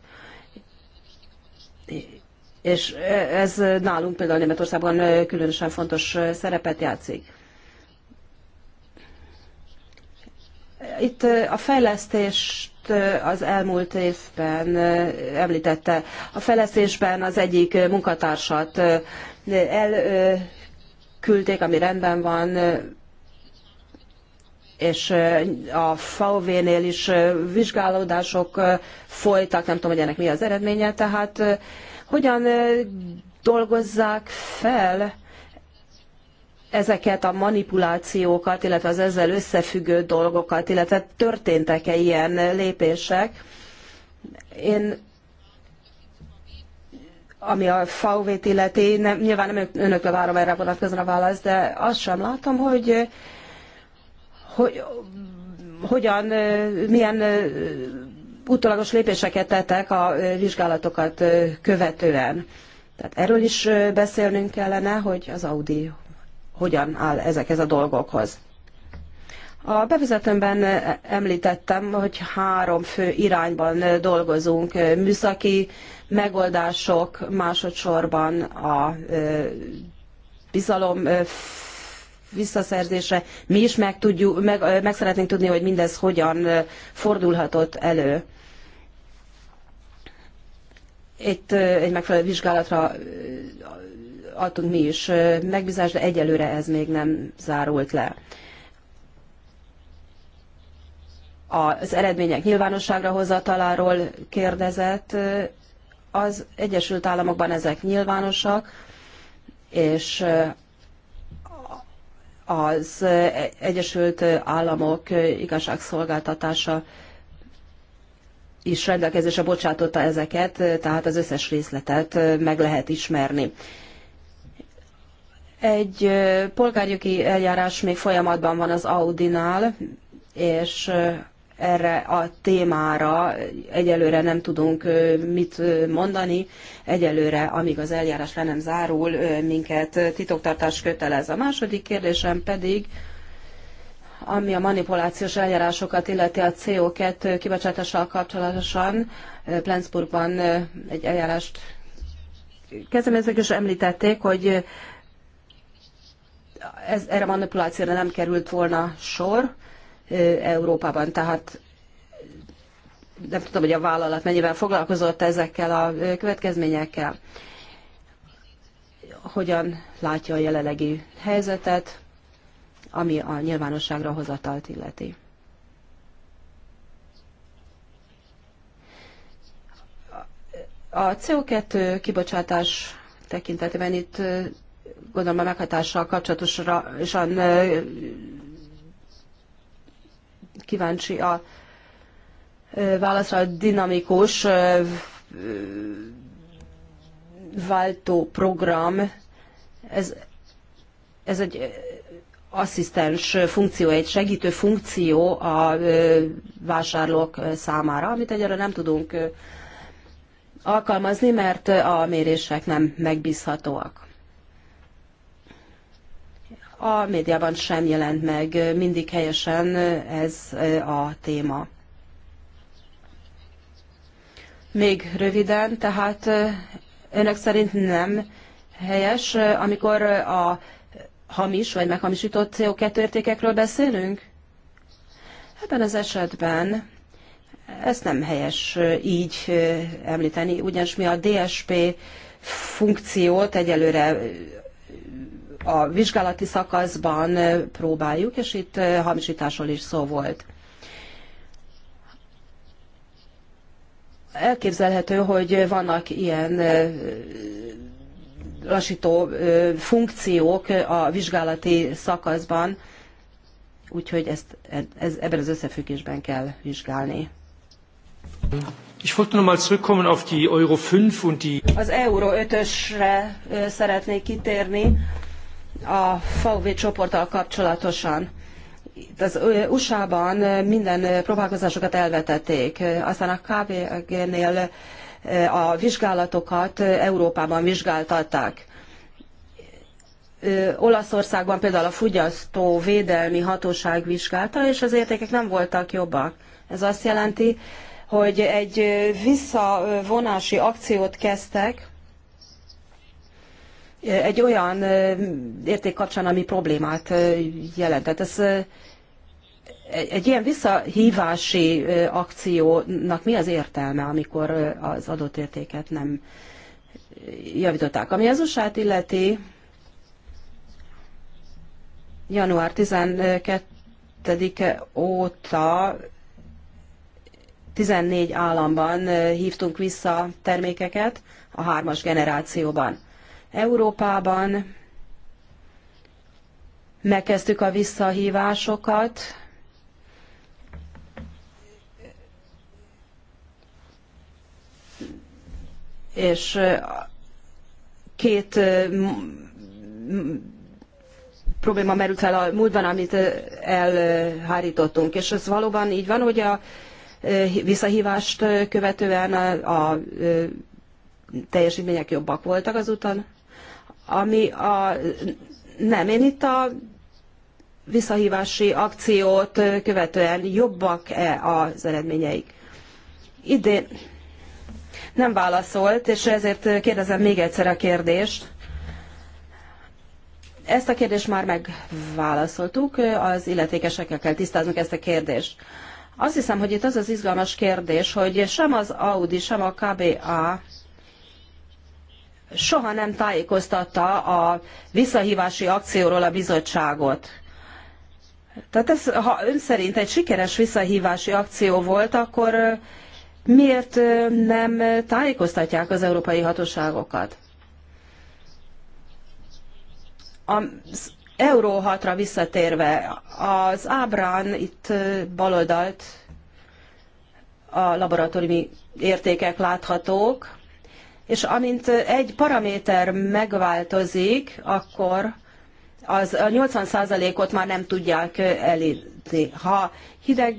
És ez nálunk például Németországban különösen fontos szerepet játszik. Itt a fejlesztést az elmúlt évben említette. A fejlesztésben az egyik munkatársat elküldték, ami rendben van, és a FAOV-nél is vizsgálódások folytak, nem tudom, hogy ennek mi az eredménye, tehát hogyan dolgozzák fel ezeket a manipulációkat, illetve az ezzel összefüggő dolgokat, illetve történtek-e ilyen lépések. Én ami a FAUV-t illeti, nem, nyilván nem önökre várom erre vonatkozóan a választ, de azt sem látom, hogy, hogy hogyan, milyen utólagos lépéseket tettek a vizsgálatokat követően. Tehát erről is beszélnünk kellene, hogy az Audi hogyan áll ezekhez a dolgokhoz. A bevezetőmben említettem, hogy három fő irányban dolgozunk. Műszaki megoldások, másodszorban a bizalom visszaszerzése. Mi is meg, tudjuk, meg, meg szeretnénk tudni, hogy mindez hogyan fordulhatott elő. Itt egy megfelelő vizsgálatra adtunk mi is megbízást, de egyelőre ez még nem zárult le az eredmények nyilvánosságra hozataláról kérdezett, az Egyesült Államokban ezek nyilvánosak, és az Egyesült Államok igazságszolgáltatása is rendelkezésre bocsátotta ezeket, tehát az összes részletet meg lehet ismerni. Egy polgárjogi eljárás még folyamatban van az Audinál, és erre a témára egyelőre nem tudunk mit mondani, egyelőre, amíg az eljárás le nem zárul, minket titoktartás kötelez. A második kérdésem pedig, ami a manipulációs eljárásokat illeti a CO2 kibocsátással kapcsolatosan, Plensburgban egy eljárást kezdeményezők is említették, hogy ez, erre manipulációra nem került volna sor, Európában. Tehát nem tudom, hogy a vállalat mennyiben foglalkozott ezekkel a következményekkel. Hogyan látja a jelenlegi helyzetet, ami a nyilvánosságra hozatalt illeti. A CO2 kibocsátás tekintetében itt gondolom a meghatással kapcsolatosan kíváncsi a válaszra a dinamikus váltó program. Ez, ez egy asszisztens funkció, egy segítő funkció a vásárlók számára, amit egyre nem tudunk alkalmazni, mert a mérések nem megbízhatóak a médiában sem jelent meg. Mindig helyesen ez a téma. Még röviden, tehát önök szerint nem helyes, amikor a hamis vagy meghamisított CO2 értékekről beszélünk? Ebben az esetben ezt nem helyes így említeni, ugyanis mi a DSP funkciót egyelőre a vizsgálati szakaszban próbáljuk, és itt hamisításról is szó volt. Elképzelhető, hogy vannak ilyen lassító funkciók a vizsgálati szakaszban, úgyhogy ezt ez, ebben az összefüggésben kell vizsgálni. Ich wollte mal zurückkommen auf die Euro 5 und die Az Euro 5-ösre szeretnék kitérni a VV csoporttal kapcsolatosan. Itt az USA-ban minden próbálkozásokat elvetették, aztán a KVG-nél a vizsgálatokat Európában vizsgáltatták. Olaszországban például a fogyasztó védelmi hatóság vizsgálta, és az értékek nem voltak jobbak. Ez azt jelenti, hogy egy visszavonási akciót kezdtek, egy olyan érték kapcsán, ami problémát jelentett. Ez egy ilyen visszahívási akciónak mi az értelme, amikor az adott értéket nem javították? Ami az usa illeti, január 12-e óta 14 államban hívtunk vissza termékeket a hármas generációban. Európában. Megkezdtük a visszahívásokat. És két probléma merült fel a múltban, amit elhárítottunk. És ez valóban így van, hogy a visszahívást követően a, a teljesítmények jobbak voltak azután. Ami a... Nem, én itt a visszahívási akciót követően jobbak-e az eredményeik. Idén nem válaszolt, és ezért kérdezem még egyszer a kérdést. Ezt a kérdést már megválaszoltuk, az illetékesekkel kell tisztáznunk ezt a kérdést. Azt hiszem, hogy itt az az izgalmas kérdés, hogy sem az Audi, sem a KBA soha nem tájékoztatta a visszahívási akcióról a bizottságot. Tehát ez, ha ön szerint egy sikeres visszahívási akció volt, akkor miért nem tájékoztatják az európai hatóságokat? Az Euró 6-ra visszatérve, az ábrán itt baloldalt a laboratóriumi értékek láthatók, és amint egy paraméter megváltozik, akkor az a 80%-ot már nem tudják elérni. Ha hideg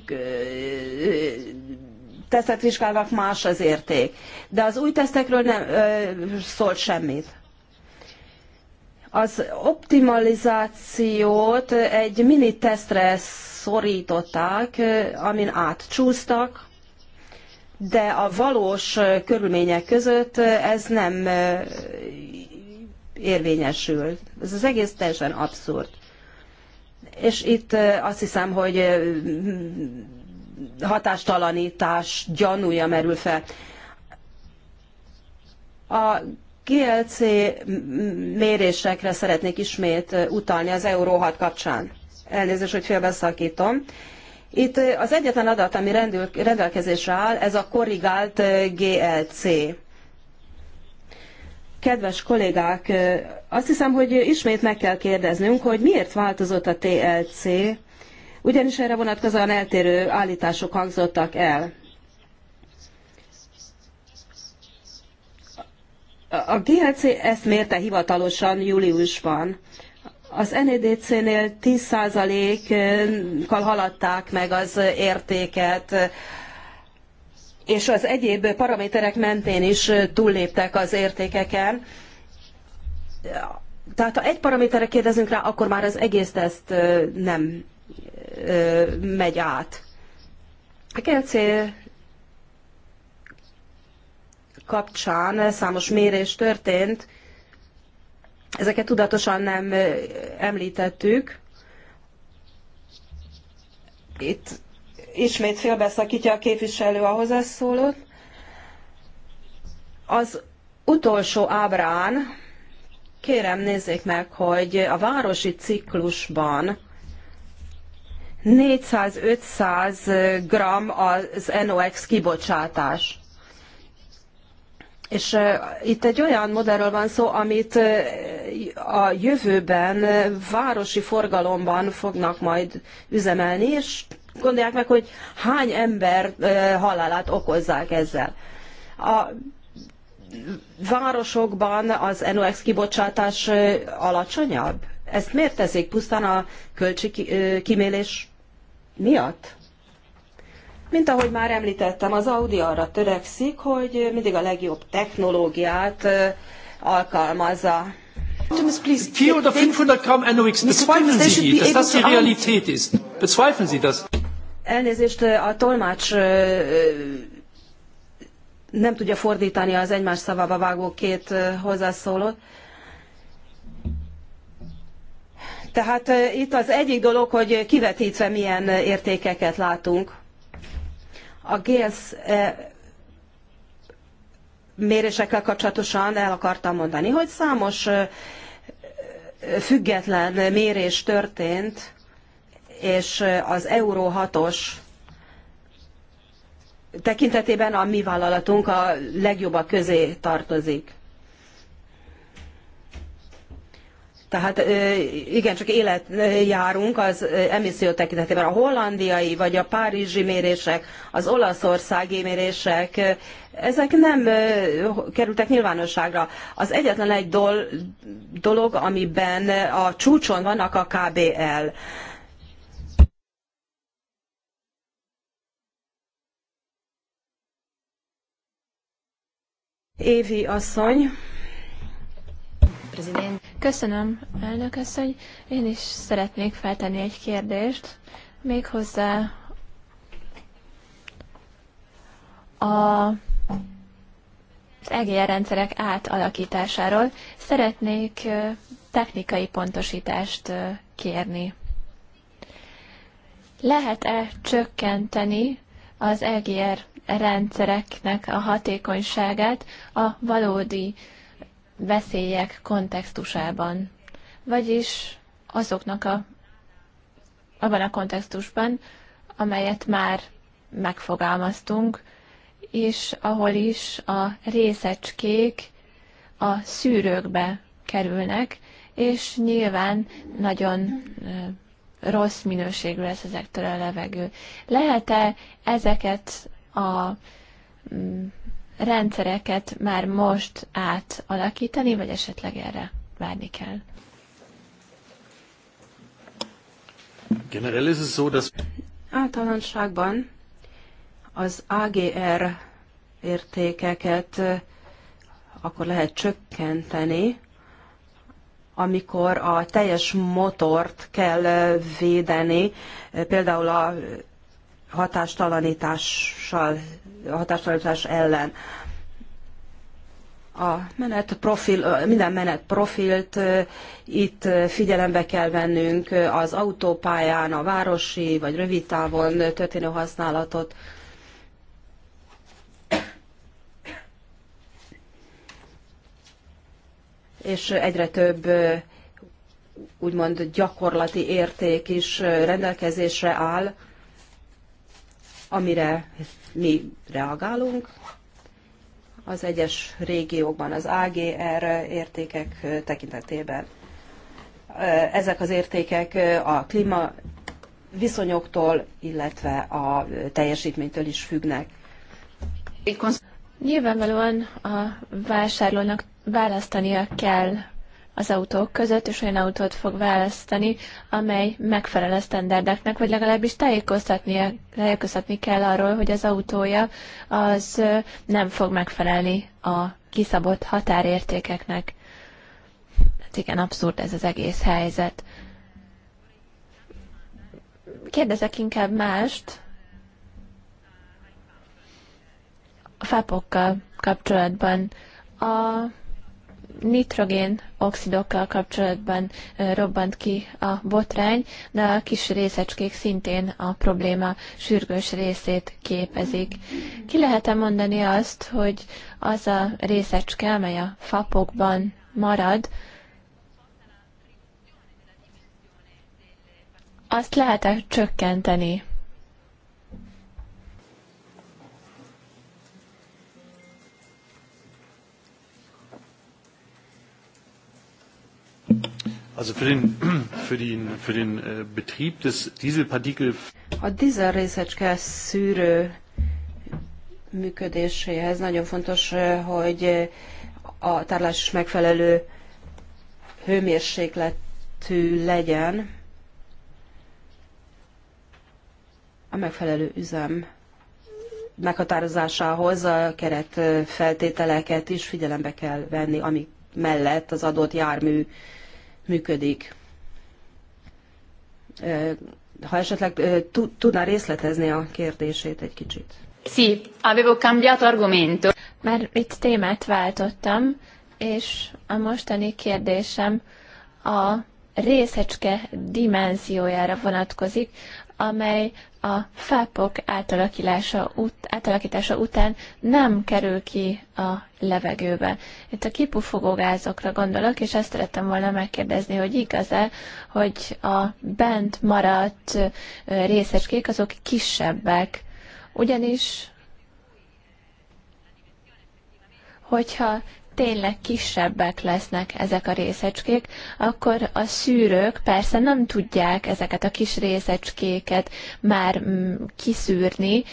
tesztet vizsgálnak, más az érték. De az új tesztekről nem szól semmit. Az optimalizációt egy mini tesztre szorították, amin átcsúsztak, de a valós körülmények között ez nem érvényesül. Ez az egész teljesen abszurd. És itt azt hiszem, hogy hatástalanítás gyanúja merül fel. A GLC mérésekre szeretnék ismét utalni az Euró 6 kapcsán. Elnézést, hogy félbeszakítom. Itt az egyetlen adat, ami rendül, rendelkezésre áll, ez a korrigált GLC. Kedves kollégák, azt hiszem, hogy ismét meg kell kérdeznünk, hogy miért változott a TLC, ugyanis erre vonatkozóan eltérő állítások hangzottak el. A GLC ezt mérte hivatalosan júliusban. Az NEDC-nél 10%-kal haladták meg az értéket, és az egyéb paraméterek mentén is túlléptek az értékeken. Tehát ha egy paraméterre kérdezünk rá, akkor már az egész teszt nem megy át. A GLC kapcsán számos mérés történt, Ezeket tudatosan nem említettük. Itt ismét félbeszakítja a képviselő a hozzászólót. Az utolsó ábrán kérem nézzék meg, hogy a városi ciklusban 400-500 g az NOx kibocsátás. És itt egy olyan modellről van szó, amit a jövőben városi forgalomban fognak majd üzemelni, és gondolják meg, hogy hány ember halálát okozzák ezzel. A városokban az NOx kibocsátás alacsonyabb? Ezt miért teszik? Pusztán a költségkimélés miatt? Mint ahogy már említettem, az Audi arra törekszik, hogy mindig a legjobb technológiát alkalmazza. Vier oder 500 Gramm NOx, bezweifeln Sie, dass das die Realität ist. Bezweifeln Sie das? Elnézést, a tolmács nem tudja fordítani az egymás szavába vágó két hozzászólót. Tehát itt az egyik dolog, hogy kivetítve milyen értékeket látunk. A GS eh, mérésekkel kapcsolatosan el akartam mondani, hogy számos eh, független mérés történt, és eh, az Euró 6-os tekintetében a mi vállalatunk a legjobbak közé tartozik. Tehát igencsak élet járunk az emisszió tekintetében. A hollandiai vagy a párizsi mérések, az olaszországi mérések, ezek nem kerültek nyilvánosságra. Az egyetlen egy dol- dolog, amiben a csúcson vannak a KBL. Évi asszony. Köszönöm, elnök asszony. Én is szeretnék feltenni egy kérdést, méghozzá a az EGR rendszerek átalakításáról szeretnék technikai pontosítást kérni. Lehet-e csökkenteni az EGR rendszereknek a hatékonyságát a valódi veszélyek kontextusában, vagyis azoknak a, abban a kontextusban, amelyet már megfogalmaztunk, és ahol is a részecskék a szűrőkbe kerülnek, és nyilván nagyon rossz minőségű lesz ezektől a levegő. Lehet-e ezeket a mm, rendszereket már most átalakítani, vagy esetleg erre várni kell? Generell ist es so, dass általánosságban az AGR értékeket akkor lehet csökkenteni, amikor a teljes motort kell védeni, például a hatástalanítással hatástalanítás ellen. A menet profil, minden menet profilt itt figyelembe kell vennünk az autópályán, a városi vagy rövid távon történő használatot. És egyre több úgymond gyakorlati érték is rendelkezésre áll amire mi reagálunk. Az egyes régiókban az AGR értékek tekintetében. Ezek az értékek a klíma viszonyoktól, illetve a teljesítménytől is függnek. Nyilvánvalóan a vásárlónak választania kell az autók között, és olyan autót fog választani, amely megfelel a sztenderdeknek, vagy legalábbis tájékoztatni kell arról, hogy az autója az nem fog megfelelni a kiszabott határértékeknek. Hát igen, abszurd ez az egész helyzet. Kérdezek inkább mást, a fápokkal kapcsolatban a nitrogén oxidokkal kapcsolatban robbant ki a botrány, de a kis részecskék szintén a probléma sürgős részét képezik. Ki lehet-e mondani azt, hogy az a részecske, amely a fapokban marad, azt lehet-e csökkenteni? Also für den, für den, für den äh, Betrieb des Dieselpartikel... A dízel részecske szűrő működéséhez nagyon fontos, hogy a tárlás is megfelelő hőmérsékletű legyen a megfelelő üzem meghatározásához a keret feltételeket is figyelembe kell venni, ami mellett az adott jármű működik. Ha esetleg tudná részletezni a kérdését egy kicsit. Sí, avevo cambiato argomento. Már itt témát váltottam, és a mostani kérdésem a részecske dimenziójára vonatkozik, amely a fápok átalakítása, ut- átalakítása után nem kerül ki a levegőbe. Itt a kipufogó gázokra gondolok, és ezt szerettem volna megkérdezni, hogy igaz-e, hogy a bent maradt részecskék azok kisebbek, ugyanis hogyha tényleg kisebbek lesznek ezek a részecskék, akkor a szűrők persze nem tudják ezeket a kis részecskéket már mm, kiszűrni,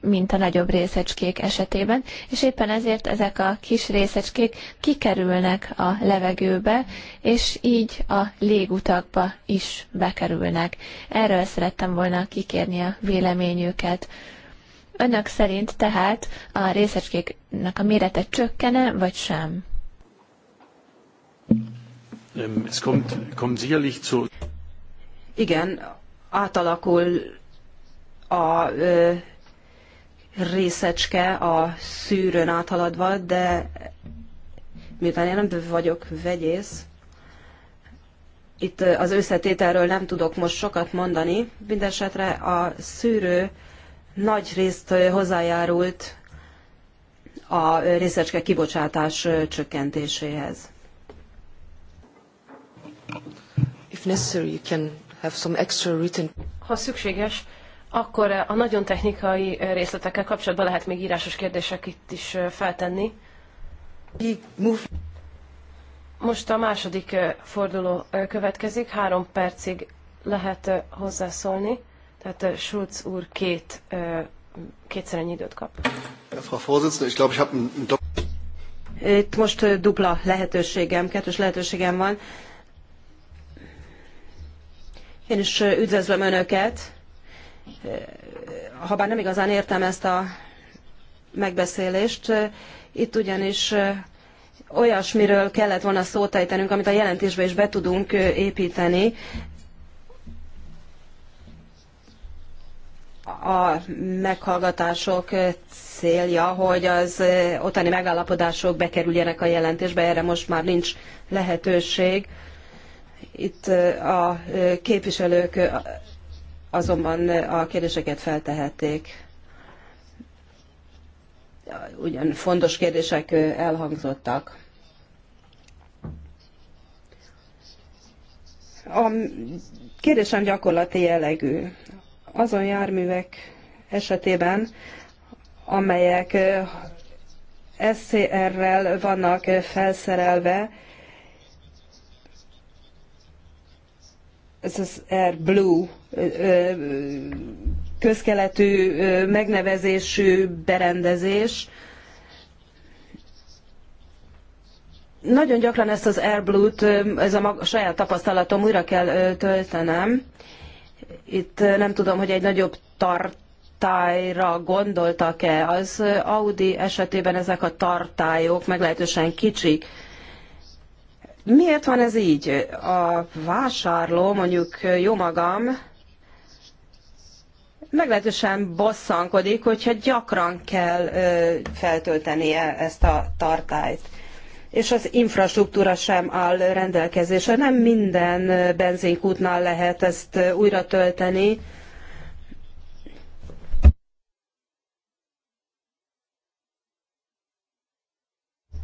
mint a nagyobb részecskék esetében, és éppen ezért ezek a kis részecskék kikerülnek a levegőbe, és így a légutakba is bekerülnek. Erről szerettem volna kikérni a véleményüket. Önök szerint tehát a részecskéknek a mérete csökkene, vagy sem? Ähm, es kommt, kommt sicherlich zu... Igen, átalakul a ö, részecske a szűrőn áthaladva, de miután én nem vagyok vegyész, itt az összetételről nem tudok most sokat mondani, mindesetre a szűrő nagy részt hozzájárult a részecske kibocsátás csökkentéséhez. If necessary, you can have some extra written... Ha szükséges, akkor a nagyon technikai részletekkel kapcsolatban lehet még írásos kérdések itt is feltenni. Most a második forduló következik, három percig lehet hozzászólni. Tehát Schulz úr két, kétszer ennyi időt kap. itt most dupla lehetőségem, kettős lehetőségem van. Én is üdvözlöm Önöket, habár nem igazán értem ezt a megbeszélést. Itt ugyanis olyasmiről kellett volna szót amit a jelentésbe is be tudunk építeni. a meghallgatások célja, hogy az otani megállapodások bekerüljenek a jelentésbe, erre most már nincs lehetőség. Itt a képviselők azonban a kérdéseket feltehették. Ugyan fontos kérdések elhangzottak. A kérdésem gyakorlati jellegű azon járművek esetében, amelyek SCR-rel vannak felszerelve, ez az Air Blue közkeletű megnevezésű berendezés. Nagyon gyakran ezt az Air Blue-t, ez a maga, saját tapasztalatom újra kell töltenem, itt eh, nem tudom, hogy egy nagyobb tartályra gondoltak-e. Az Audi esetében ezek a tartályok meglehetősen kicsik. Miért van ez így? A vásárló, mondjuk jó magam, meglehetősen bosszankodik, hogyha gyakran kell eh, feltöltenie ezt a tartályt és az infrastruktúra sem áll rendelkezésre. Nem minden benzinkútnál lehet ezt újra tölteni.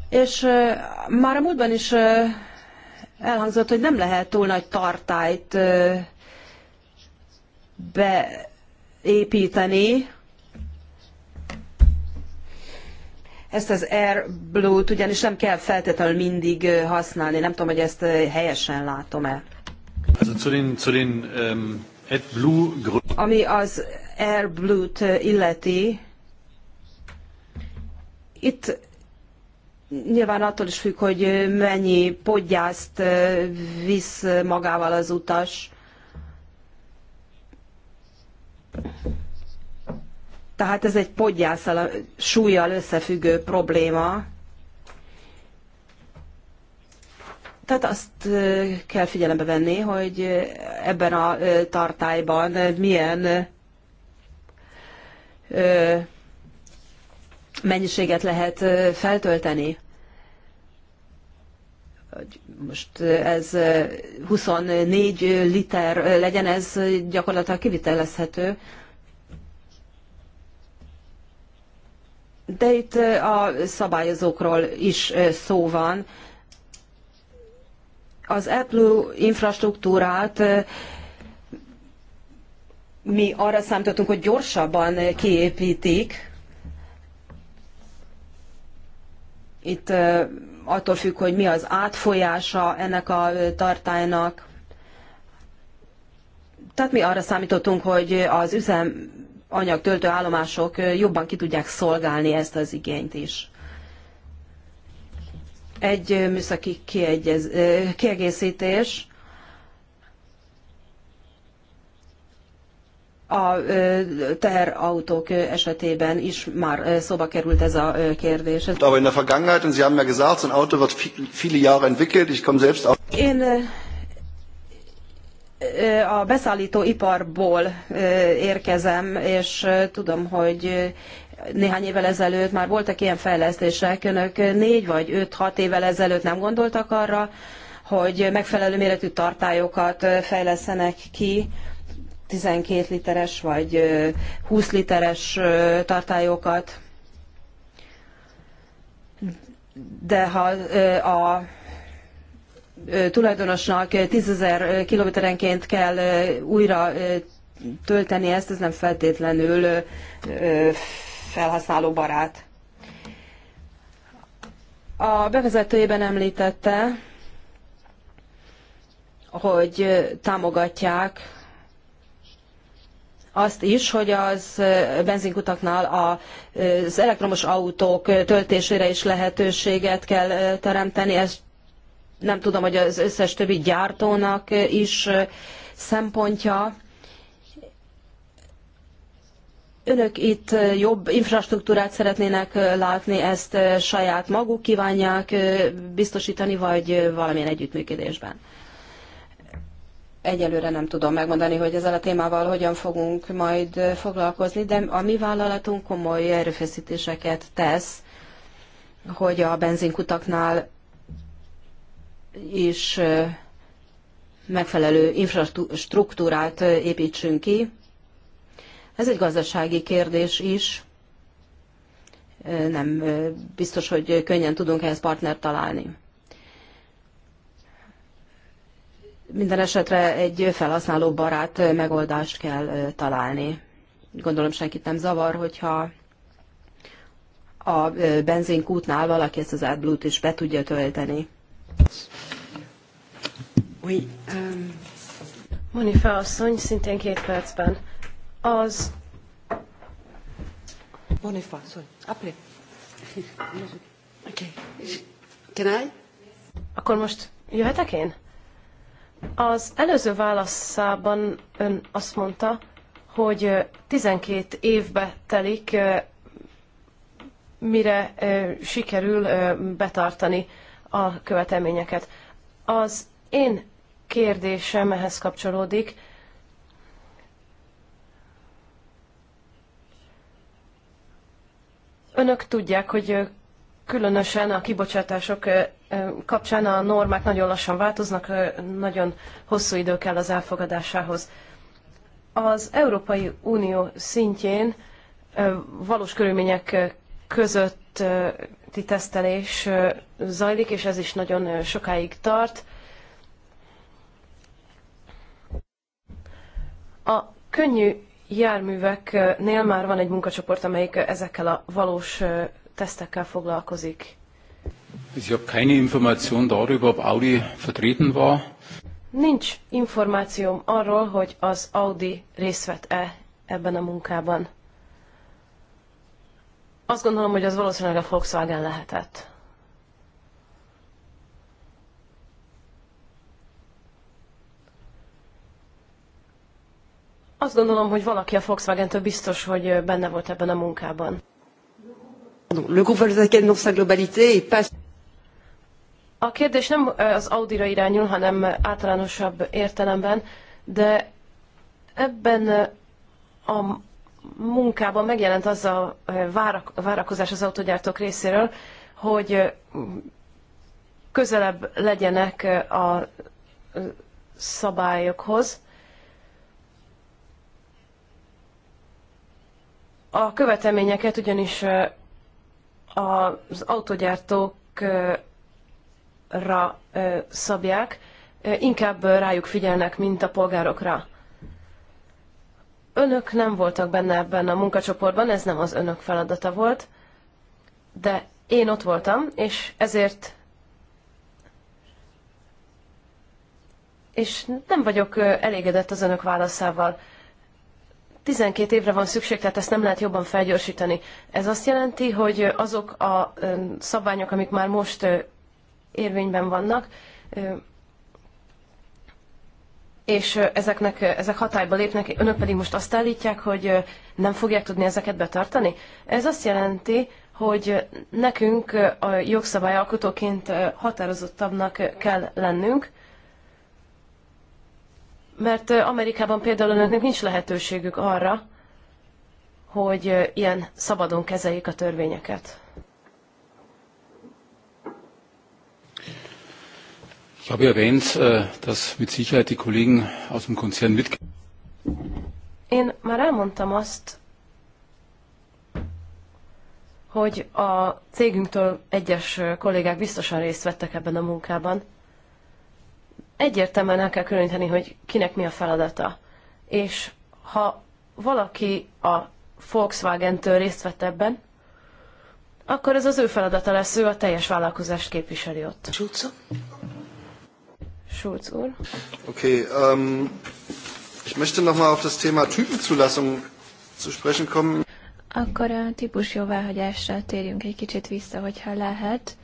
És már a múltban is elhangzott, hogy nem lehet túl nagy tartályt beépíteni, Ezt az Air Blue, t ugyanis nem kell feltétlenül mindig használni. Nem tudom, hogy ezt helyesen látom-e. Also zu den, zu den, um, Ami az Air blue t illeti, itt nyilván attól is függ, hogy mennyi podgyászt visz magával az utas. Tehát ez egy podgyászal, súlyjal összefüggő probléma. Tehát azt kell figyelembe venni, hogy ebben a tartályban milyen mennyiséget lehet feltölteni. Most ez 24 liter legyen, ez gyakorlatilag kivitelezhető. De itt a szabályozókról is szó van. Az Apple infrastruktúrát mi arra számítottunk, hogy gyorsabban kiépítik. Itt attól függ, hogy mi az átfolyása ennek a tartálynak. Tehát mi arra számítottunk, hogy az üzem anyagtöltő állomások jobban ki tudják szolgálni ezt az igényt is. Egy műszaki kiegyez, kiegészítés a teherautók esetében is már szóba került ez a kérdés. Aber in der Vergangenheit, und Sie haben ja gesagt, so ein Auto wird viele Jahre entwickelt, ich komme selbst auch... Én a beszállító iparból érkezem, és tudom, hogy néhány évvel ezelőtt már voltak ilyen fejlesztések, önök négy vagy öt-hat évvel ezelőtt nem gondoltak arra, hogy megfelelő méretű tartályokat fejlesztenek ki, 12 literes vagy 20 literes tartályokat. De ha a tulajdonosnak tízezer kilométerenként kell újra tölteni ezt, ez nem feltétlenül felhasználó barát. A bevezetőjében említette, hogy támogatják azt is, hogy az benzinkutaknál az elektromos autók töltésére is lehetőséget kell teremteni. Ezt nem tudom, hogy az összes többi gyártónak is szempontja. Önök itt jobb infrastruktúrát szeretnének látni, ezt saját maguk kívánják biztosítani, vagy valamilyen együttműködésben? Egyelőre nem tudom megmondani, hogy ezzel a témával hogyan fogunk majd foglalkozni, de a mi vállalatunk komoly erőfeszítéseket tesz, hogy a benzinkutaknál is megfelelő infrastruktúrát építsünk ki. Ez egy gazdasági kérdés is. Nem biztos, hogy könnyen tudunk ehhez partnert találni. Minden esetre egy felhasználó barát megoldást kell találni. Gondolom senkit nem zavar, hogyha a benzinkútnál valaki ezt az AdBlue-t is be tudja tölteni. Oui, um... Monifa asszony, szintén két percben. Az... Bonifa, sorry. Après. Okay. Can I? Akkor most jöhetek én? Az előző válaszában ön azt mondta, hogy 12 évbe telik, mire sikerül betartani a követelményeket. Az én kérdésem ehhez kapcsolódik. Önök tudják, hogy különösen a kibocsátások kapcsán a normák nagyon lassan változnak, nagyon hosszú idő kell az elfogadásához. Az Európai Unió szintjén valós körülmények között tesztelés zajlik, és ez is nagyon sokáig tart. A könnyű járműveknél már van egy munkacsoport, amelyik ezekkel a valós tesztekkel foglalkozik. Ich habe keine Information darüber, ob Audi vertreten war. Nincs információm arról, hogy az Audi részt vett-e ebben a munkában. Azt gondolom, hogy az valószínűleg a Volkswagen lehetett. Azt gondolom, hogy valaki a Volkswagen-től biztos, hogy benne volt ebben a munkában. Le groupe Volkswagen dans sa globalité et pas... A kérdés nem az Audira irányul, hanem általánosabb értelemben, de ebben a munkában megjelent az a várakozás az autogyártók részéről, hogy közelebb legyenek a szabályokhoz. A követelményeket ugyanis az autogyártókra szabják, inkább rájuk figyelnek, mint a polgárokra. Önök nem voltak benne ebben a munkacsoportban, ez nem az önök feladata volt, de én ott voltam, és ezért és nem vagyok elégedett az önök válaszával. 12 évre van szükség, tehát ezt nem lehet jobban felgyorsítani. Ez azt jelenti, hogy azok a szabványok, amik már most érvényben vannak, és ezeknek, ezek hatályba lépnek, önök pedig most azt állítják, hogy nem fogják tudni ezeket betartani. Ez azt jelenti, hogy nekünk a jogszabályalkotóként határozottabbnak kell lennünk, mert Amerikában például önöknek nincs lehetőségük arra, hogy ilyen szabadon kezeljék a törvényeket. Ich habe erwähnt, äh, dass mit Sicherheit die Kollegen aus dem Konzern mit. Én már elmondtam azt, hogy a cégünktől egyes kollégák biztosan részt vettek ebben a munkában. Egyértelműen el kell különíteni, hogy kinek mi a feladata. És ha valaki a Volkswagen-től részt vett ebben, akkor ez az ő feladata lesz, ő a teljes vállalkozást képviseli ott. Schulz úr. Okay, um, ich möchte nochmal auf das Thema Typenzulassung zu sprechen kommen. Akkor a típus jóváhagyásra térjünk egy kicsit vissza, hogyha lehet.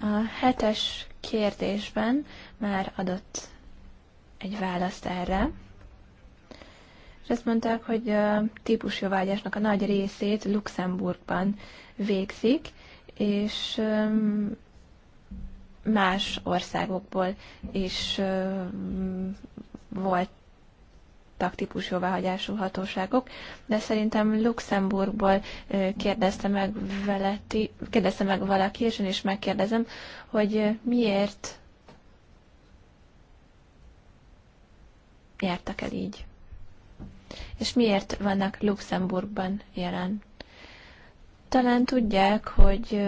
A hetes kérdésben már adott egy választ erre. És azt mondták, hogy a típusjóvágyásnak a nagy részét Luxemburgban végzik, és más országokból is volt típus jóváhagyású hatóságok, de szerintem Luxemburgból kérdezte meg, veleti, kérdezte meg valaki, és én is megkérdezem, hogy miért jártak el így. És miért vannak Luxemburgban jelen? Talán tudják, hogy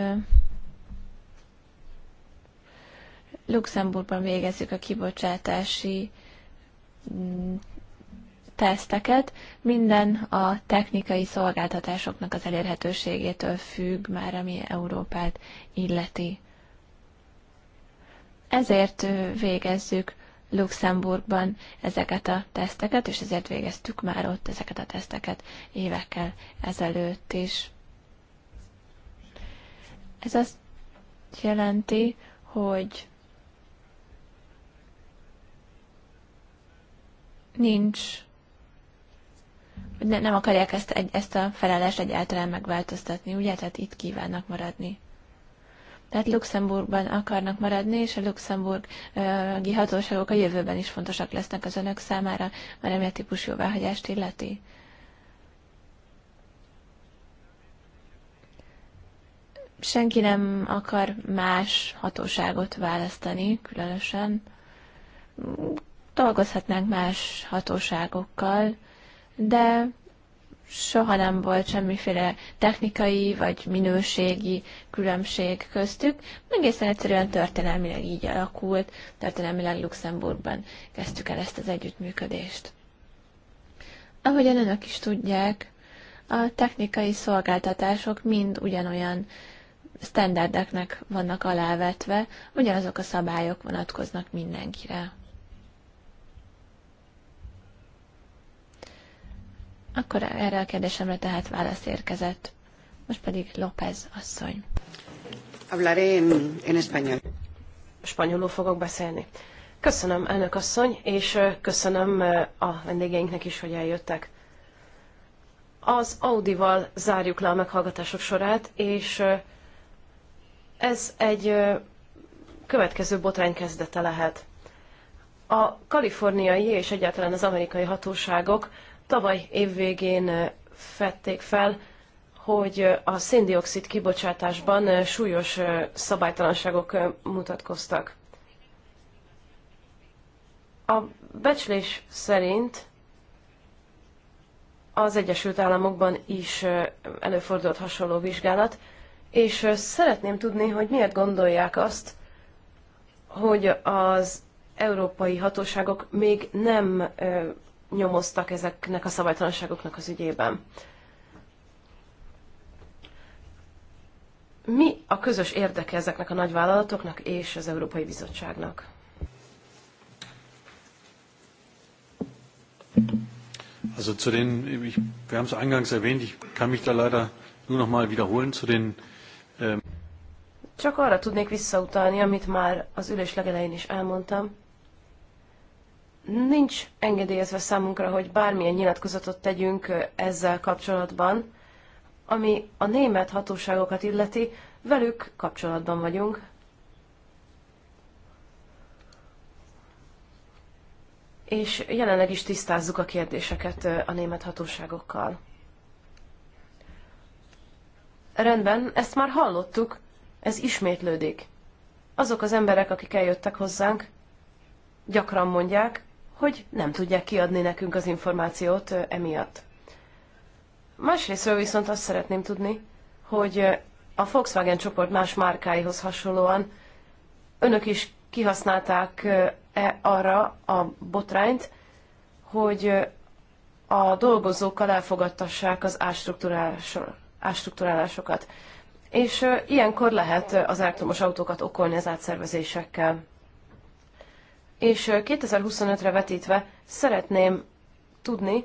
Luxemburgban végezzük a kibocsátási mm, teszteket. Minden a technikai szolgáltatásoknak az elérhetőségétől függ már, ami Európát illeti. Ezért végezzük Luxemburgban ezeket a teszteket, és ezért végeztük már ott ezeket a teszteket évekkel ezelőtt is. Ez azt jelenti, hogy nincs, ne, nem akarják ezt, egy, ezt a felállást egyáltalán megváltoztatni, ugye? Tehát itt kívánnak maradni. Tehát Luxemburgban akarnak maradni, és a luxemburgi hatóságok a jövőben is fontosak lesznek az önök számára, mert ami a típus jóváhagyást illeti. Senki nem akar más hatóságot választani, különösen dolgozhatnánk más hatóságokkal, de soha nem volt semmiféle technikai vagy minőségi különbség köztük, egészen egyszerűen történelmileg így alakult, történelmileg Luxemburgban kezdtük el ezt az együttműködést. Ahogyan önök is tudják, a technikai szolgáltatások mind ugyanolyan standardeknek vannak alávetve, ugyanazok a szabályok vonatkoznak mindenkire. Akkor erre a kérdésemre tehát válasz érkezett. Most pedig López asszony. Hablaré en, en español. Spanyolul fogok beszélni. Köszönöm, elnök asszony, és köszönöm a vendégeinknek is, hogy eljöttek. Az Audival zárjuk le a meghallgatások sorát, és ez egy következő botrány kezdete lehet. A kaliforniai és egyáltalán az amerikai hatóságok Tavaly év végén fették fel, hogy a széndiokszid kibocsátásban súlyos szabálytalanságok mutatkoztak. A becslés szerint az Egyesült Államokban is előfordult hasonló vizsgálat, és szeretném tudni, hogy miért gondolják azt, hogy az európai hatóságok még nem nyomoztak ezeknek a szabálytalanságoknak az ügyében. Mi a közös érdeke ezeknek a nagyvállalatoknak és az Európai Bizottságnak? Also zu den, ich, wir haben es eingangs erwähnt, ich kann mich da leider nur noch mal wiederholen zu den. Ähm Csak arra tudnék visszautalni, amit már az ülés legelején is elmondtam nincs engedélyezve számunkra, hogy bármilyen nyilatkozatot tegyünk ezzel kapcsolatban, ami a német hatóságokat illeti, velük kapcsolatban vagyunk. És jelenleg is tisztázzuk a kérdéseket a német hatóságokkal. Rendben, ezt már hallottuk, ez ismétlődik. Azok az emberek, akik eljöttek hozzánk, gyakran mondják, hogy nem tudják kiadni nekünk az információt emiatt. Másrésztről viszont azt szeretném tudni, hogy a Volkswagen csoport más márkáihoz hasonlóan önök is kihasználták-e arra a botrányt, hogy a dolgozókkal elfogadtassák az ástruktúrálásokat. És ilyenkor lehet az elektromos autókat okolni az átszervezésekkel és 2025-re vetítve szeretném tudni,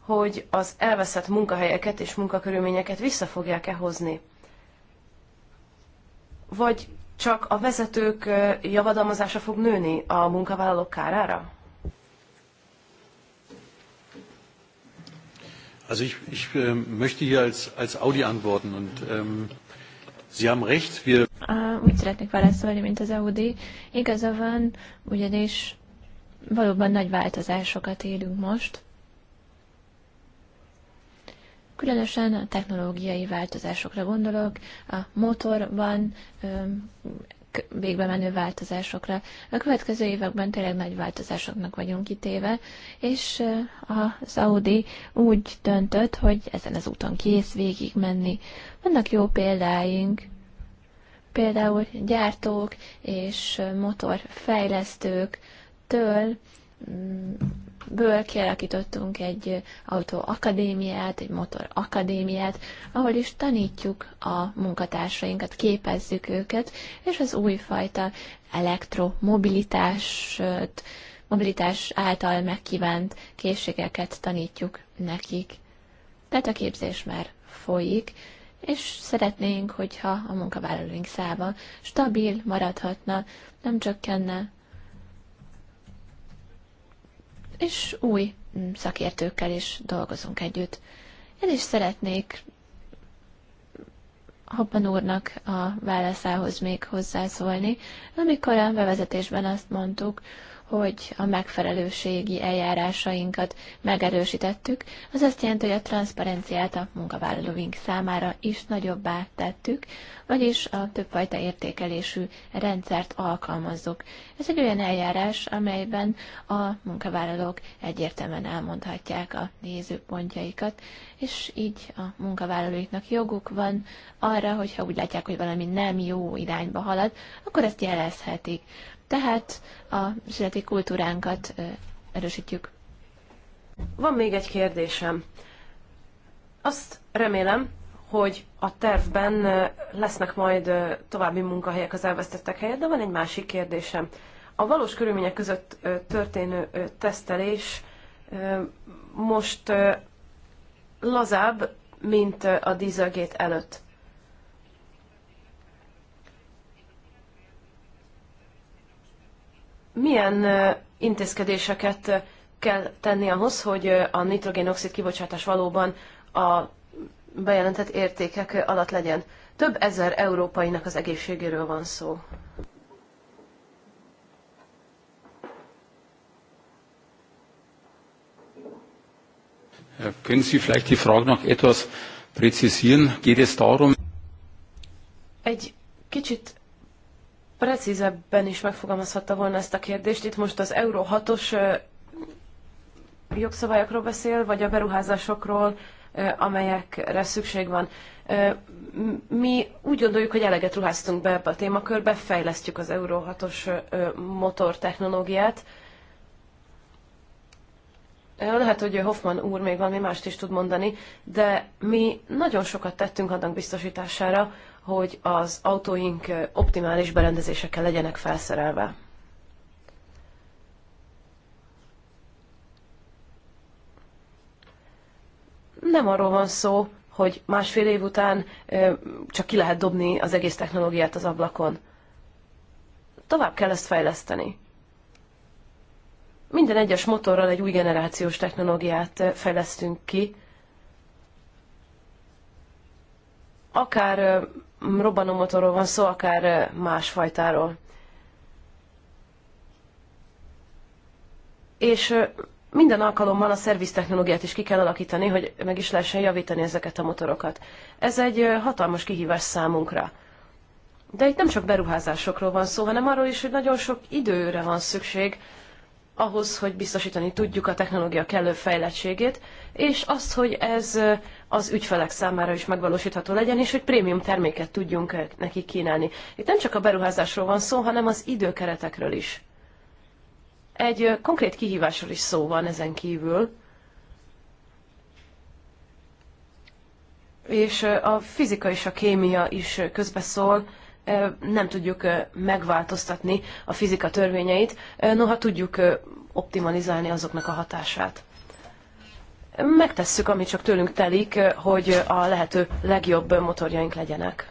hogy az elveszett munkahelyeket és munkakörülményeket vissza fogják-e hozni. Vagy csak a vezetők javadalmazása fog nőni a munkavállalók kárára? Also ich, ich ähm, möchte hier als, als Audi antworten und ähm Sie haben recht, wir... Úgy szeretnék válaszolni, mint az Audi. Igaza van, ugyanis valóban nagy változásokat élünk most. Különösen a technológiai változásokra gondolok. A motorban végbe menő változásokra. A következő években tényleg nagy változásoknak vagyunk kitéve, és eh, a Saudi úgy döntött, hogy ezen az úton kész végig menni. Vannak jó példáink, például gyártók és motorfejlesztők től mm, ből kialakítottunk egy autóakadémiát, egy motorakadémiát, ahol is tanítjuk a munkatársainkat, képezzük őket, és az újfajta elektromobilitást, mobilitás által megkívánt készségeket tanítjuk nekik. Tehát a képzés már folyik, és szeretnénk, hogyha a munkavállalóink száma stabil maradhatna, nem csökkenne, és új mm, szakértőkkel is dolgozunk együtt. Én is szeretnék Hoppan úrnak a válaszához még hozzászólni, amikor a bevezetésben azt mondtuk, hogy a megfelelőségi eljárásainkat megerősítettük, az azt jelenti, hogy a transzparenciát a munkavállalóink számára is nagyobbá tettük, vagyis a többfajta értékelésű rendszert alkalmazzuk. Ez egy olyan eljárás, amelyben a munkavállalók egyértelműen elmondhatják a nézőpontjaikat, és így a munkavállalóiknak joguk van arra, hogyha úgy látják, hogy valami nem jó irányba halad, akkor ezt jelezhetik tehát a üzleti kultúránkat erősítjük. Van még egy kérdésem. Azt remélem, hogy a tervben lesznek majd további munkahelyek az elvesztettek helyett, de van egy másik kérdésem. A valós körülmények között történő tesztelés most lazább, mint a dieselgét előtt. milyen intézkedéseket kell tenni ahhoz, hogy a nitrogénoxid kibocsátás valóban a bejelentett értékek alatt legyen. Több ezer európainak az egészségéről van szó. Können Sie vielleicht die Frage noch etwas präzisieren? Geht es darum? Egy kicsit precízebben is megfogalmazhatta volna ezt a kérdést. Itt most az Euró 6-os jogszabályokról beszél, vagy a beruházásokról, amelyekre szükség van. Mi úgy gondoljuk, hogy eleget ruháztunk be ebbe a témakörbe, fejlesztjük az Euró 6-os motortechnológiát. Lehet, hogy Hoffman úr még valami mást is tud mondani, de mi nagyon sokat tettünk annak biztosítására, hogy az autóink optimális berendezésekkel legyenek felszerelve. Nem arról van szó, hogy másfél év után csak ki lehet dobni az egész technológiát az ablakon. Tovább kell ezt fejleszteni. Minden egyes motorral egy új generációs technológiát fejlesztünk ki, akár robbanómotorról van szó, akár másfajtáról. És minden alkalommal a szerviztechnológiát is ki kell alakítani, hogy meg is lehessen javítani ezeket a motorokat. Ez egy hatalmas kihívás számunkra. De itt nem csak beruházásokról van szó, hanem arról is, hogy nagyon sok időre van szükség ahhoz, hogy biztosítani tudjuk a technológia kellő fejlettségét, és azt, hogy ez az ügyfelek számára is megvalósítható legyen, és hogy prémium terméket tudjunk nekik kínálni. Itt nem csak a beruházásról van szó, hanem az időkeretekről is. Egy konkrét kihívásról is szó van ezen kívül, és a fizika és a kémia is közbeszól, nem tudjuk megváltoztatni a fizika törvényeit, noha tudjuk optimalizálni azoknak a hatását. Megtesszük, amit csak tőlünk telik, hogy a lehető legjobb motorjaink legyenek.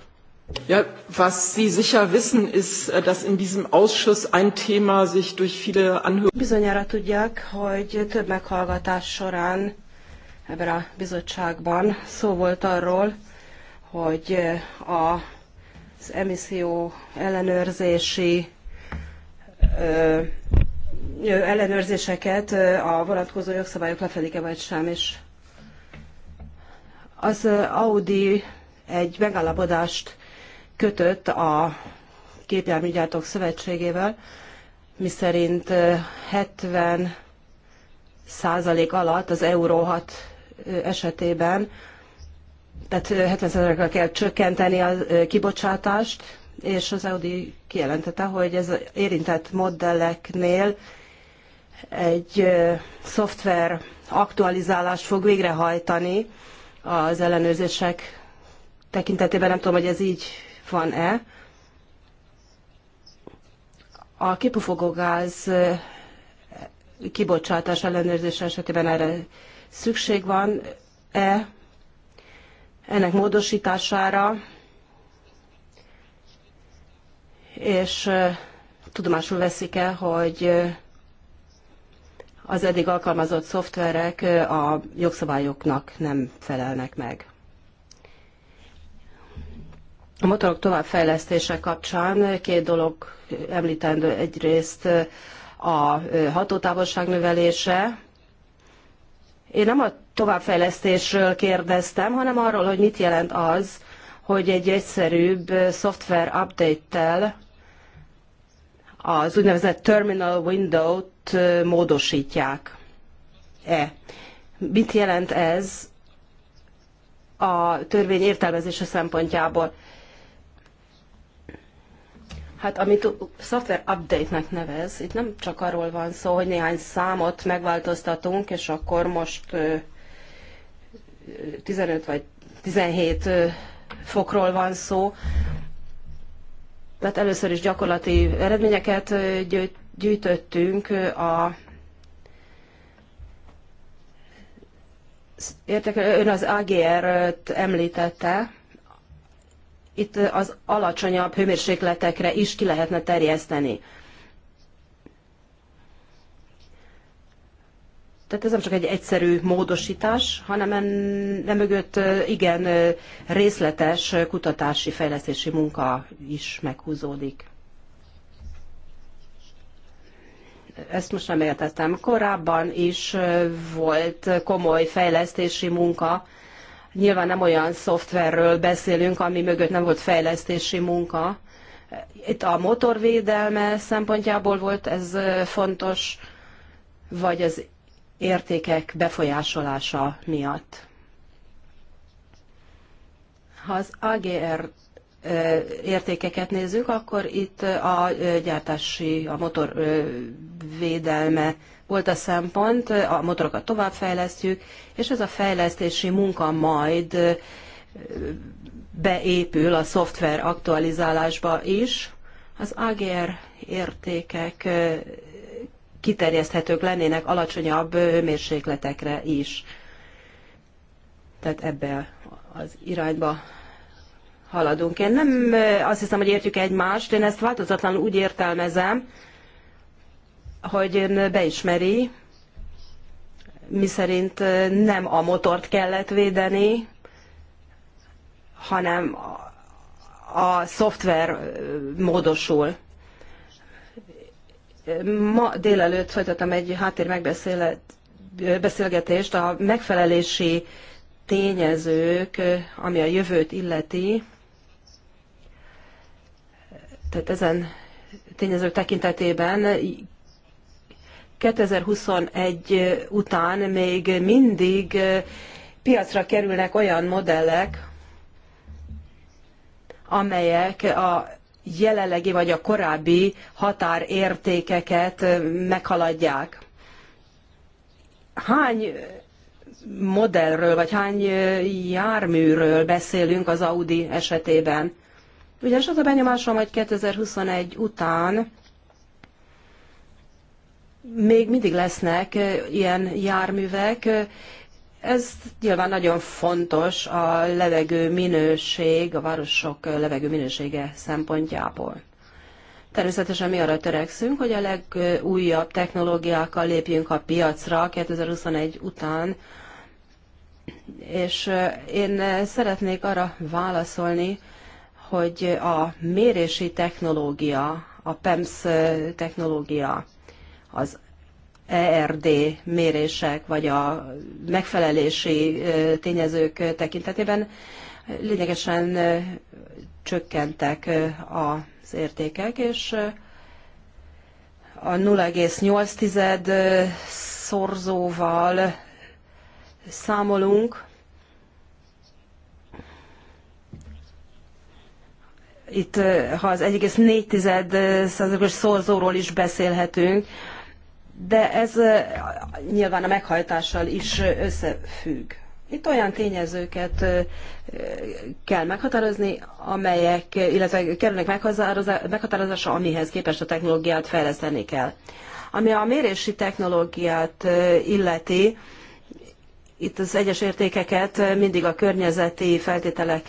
Ja, was Sie sicher wissen, ist, äh, dass in diesem Ausschuss ein Thema sich durch viele Anhörungen... Bizonyára tudják, hogy több meghallgatás során ebben a bizottságban szó volt arról, hogy a az emisszió ellenőrzési ö, ellenőrzéseket a vonatkozó jogszabályok lefedik-e vagy sem, és az Audi egy megállapodást kötött a képjárműgyártók szövetségével, miszerint 70 százalék alatt az Euro 6 esetében tehát 70 ra kell csökkenteni a kibocsátást, és az Audi kijelentette, hogy ez érintett modelleknél egy szoftver aktualizálást fog végrehajtani az ellenőrzések tekintetében. Nem tudom, hogy ez így van-e. A kipufogógáz kibocsátás ellenőrzése esetében erre szükség van-e, ennek módosítására, és tudomásul veszik el, hogy az eddig alkalmazott szoftverek a jogszabályoknak nem felelnek meg. A motorok továbbfejlesztése kapcsán két dolog említendő. Egyrészt a hatótávolság növelése, én nem a továbbfejlesztésről kérdeztem, hanem arról, hogy mit jelent az, hogy egy egyszerűbb szoftver update-tel az úgynevezett terminal window-t módosítják-e. Mit jelent ez a törvény értelmezése szempontjából? Hát amit software update-nek nevez, itt nem csak arról van szó, hogy néhány számot megváltoztatunk, és akkor most 15 vagy 17 fokról van szó. Tehát először is gyakorlati eredményeket gyűjtöttünk a Értek, ön az AGR-t említette, itt az alacsonyabb hőmérsékletekre is ki lehetne terjeszteni. Tehát ez nem csak egy egyszerű módosítás, hanem nem mögött igen részletes kutatási, fejlesztési munka is meghúzódik. Ezt most nem értettem. Korábban is volt komoly fejlesztési munka, Nyilván nem olyan szoftverről beszélünk, ami mögött nem volt fejlesztési munka. Itt a motorvédelme szempontjából volt ez fontos, vagy az értékek befolyásolása miatt. Ha az AGR értékeket nézzük, akkor itt a gyártási, a motor védelme volt a szempont, a motorokat továbbfejlesztjük, és ez a fejlesztési munka majd beépül a szoftver aktualizálásba is. Az AGR értékek kiterjeszthetők lennének alacsonyabb mérsékletekre is. Tehát ebbe az irányba haladunk. Én nem azt hiszem, hogy értjük egymást, én ezt változatlanul úgy értelmezem, hogy ön beismeri, miszerint nem a motort kellett védeni, hanem a szoftver módosul. Ma délelőtt folytattam egy háttér megbeszélgetést a megfelelési tényezők, ami a jövőt illeti, tehát ezen tényezők tekintetében 2021 után még mindig piacra kerülnek olyan modellek, amelyek a jelenlegi vagy a korábbi határértékeket meghaladják. Hány modellről, vagy hány járműről beszélünk az Audi esetében? Ugyanis az a benyomásom, hogy 2021 után még mindig lesznek ilyen járművek. Ez nyilván nagyon fontos a levegő minőség, a városok levegő minősége szempontjából. Természetesen mi arra törekszünk, hogy a legújabb technológiákkal lépjünk a piacra 2021 után, és én szeretnék arra válaszolni, hogy a mérési technológia, a PEMS technológia, az ERD mérések, vagy a megfelelési tényezők tekintetében lényegesen csökkentek az értékek, és a 0,8 szorzóval számolunk, itt, ha az 14 százalékos szorzóról is beszélhetünk, de ez nyilván a meghajtással is összefügg. Itt olyan tényezőket kell meghatározni, amelyek, illetve kerülnek meghatározása amihez képest a technológiát fejleszteni kell. Ami a mérési technológiát illeti, itt az egyes értékeket mindig a környezeti feltételek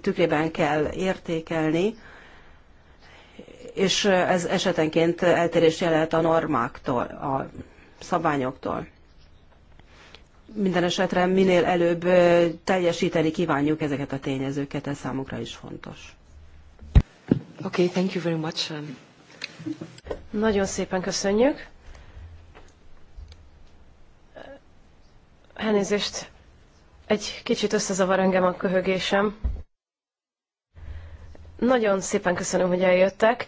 tükrében kell értékelni, és ez esetenként eltérés jelent a normáktól, a szabványoktól. Minden esetre minél előbb teljesíteni kívánjuk ezeket a tényezőket, ez számukra is fontos. Okay, thank you very much. Um. Nagyon szépen köszönjük. Elnézést, egy kicsit összezavar engem a köhögésem. Nagyon szépen köszönöm, hogy eljöttek.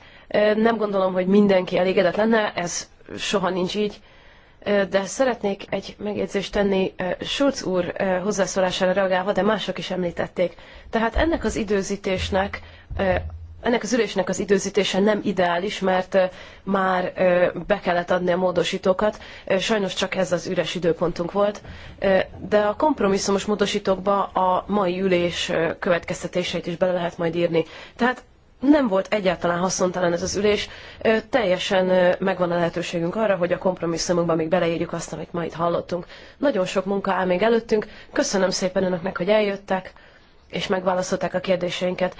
Nem gondolom, hogy mindenki elégedett lenne, ez soha nincs így. De szeretnék egy megjegyzést tenni Schulz úr hozzászólására reagálva, de mások is említették. Tehát ennek az időzítésnek ennek az ülésnek az időzítése nem ideális, mert már be kellett adni a módosítókat. Sajnos csak ez az üres időpontunk volt. De a kompromisszumos módosítókba a mai ülés következtetéseit is bele lehet majd írni. Tehát nem volt egyáltalán haszontalan ez az ülés, teljesen megvan a lehetőségünk arra, hogy a kompromisszumunkban még beleírjuk azt, amit ma itt hallottunk. Nagyon sok munka áll még előttünk, köszönöm szépen önöknek, hogy eljöttek, és megválaszolták a kérdéseinket.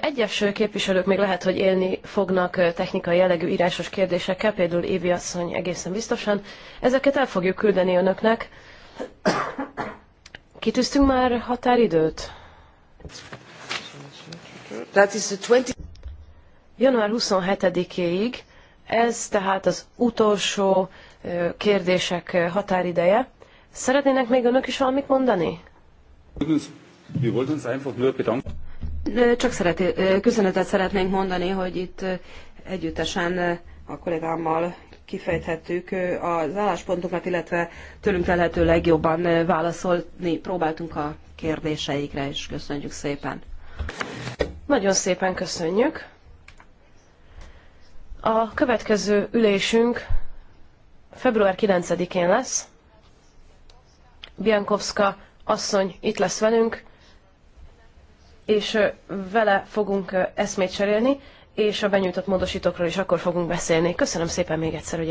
Egyes képviselők még lehet, hogy élni fognak technikai jellegű írásos kérdésekkel, például Évi asszony egészen biztosan. Ezeket el fogjuk küldeni önöknek. Kitűztünk már határidőt? That is the 20... Január 27-éig, ez tehát az utolsó kérdések határideje. Szeretnének még önök is valamit mondani? Wir wollten uns einfach nur bedanken. Csak szereti, köszönetet szeretnénk mondani, hogy itt együttesen a kollégámmal kifejthettük az álláspontokat, illetve tőlünk telhető legjobban válaszolni próbáltunk a kérdéseikre, és köszönjük szépen. Nagyon szépen köszönjük. A következő ülésünk február 9-én lesz. Biankovska asszony itt lesz velünk, és vele fogunk eszmét cserélni, és a benyújtott módosítókról is akkor fogunk beszélni. Köszönöm szépen még egyszer, hogy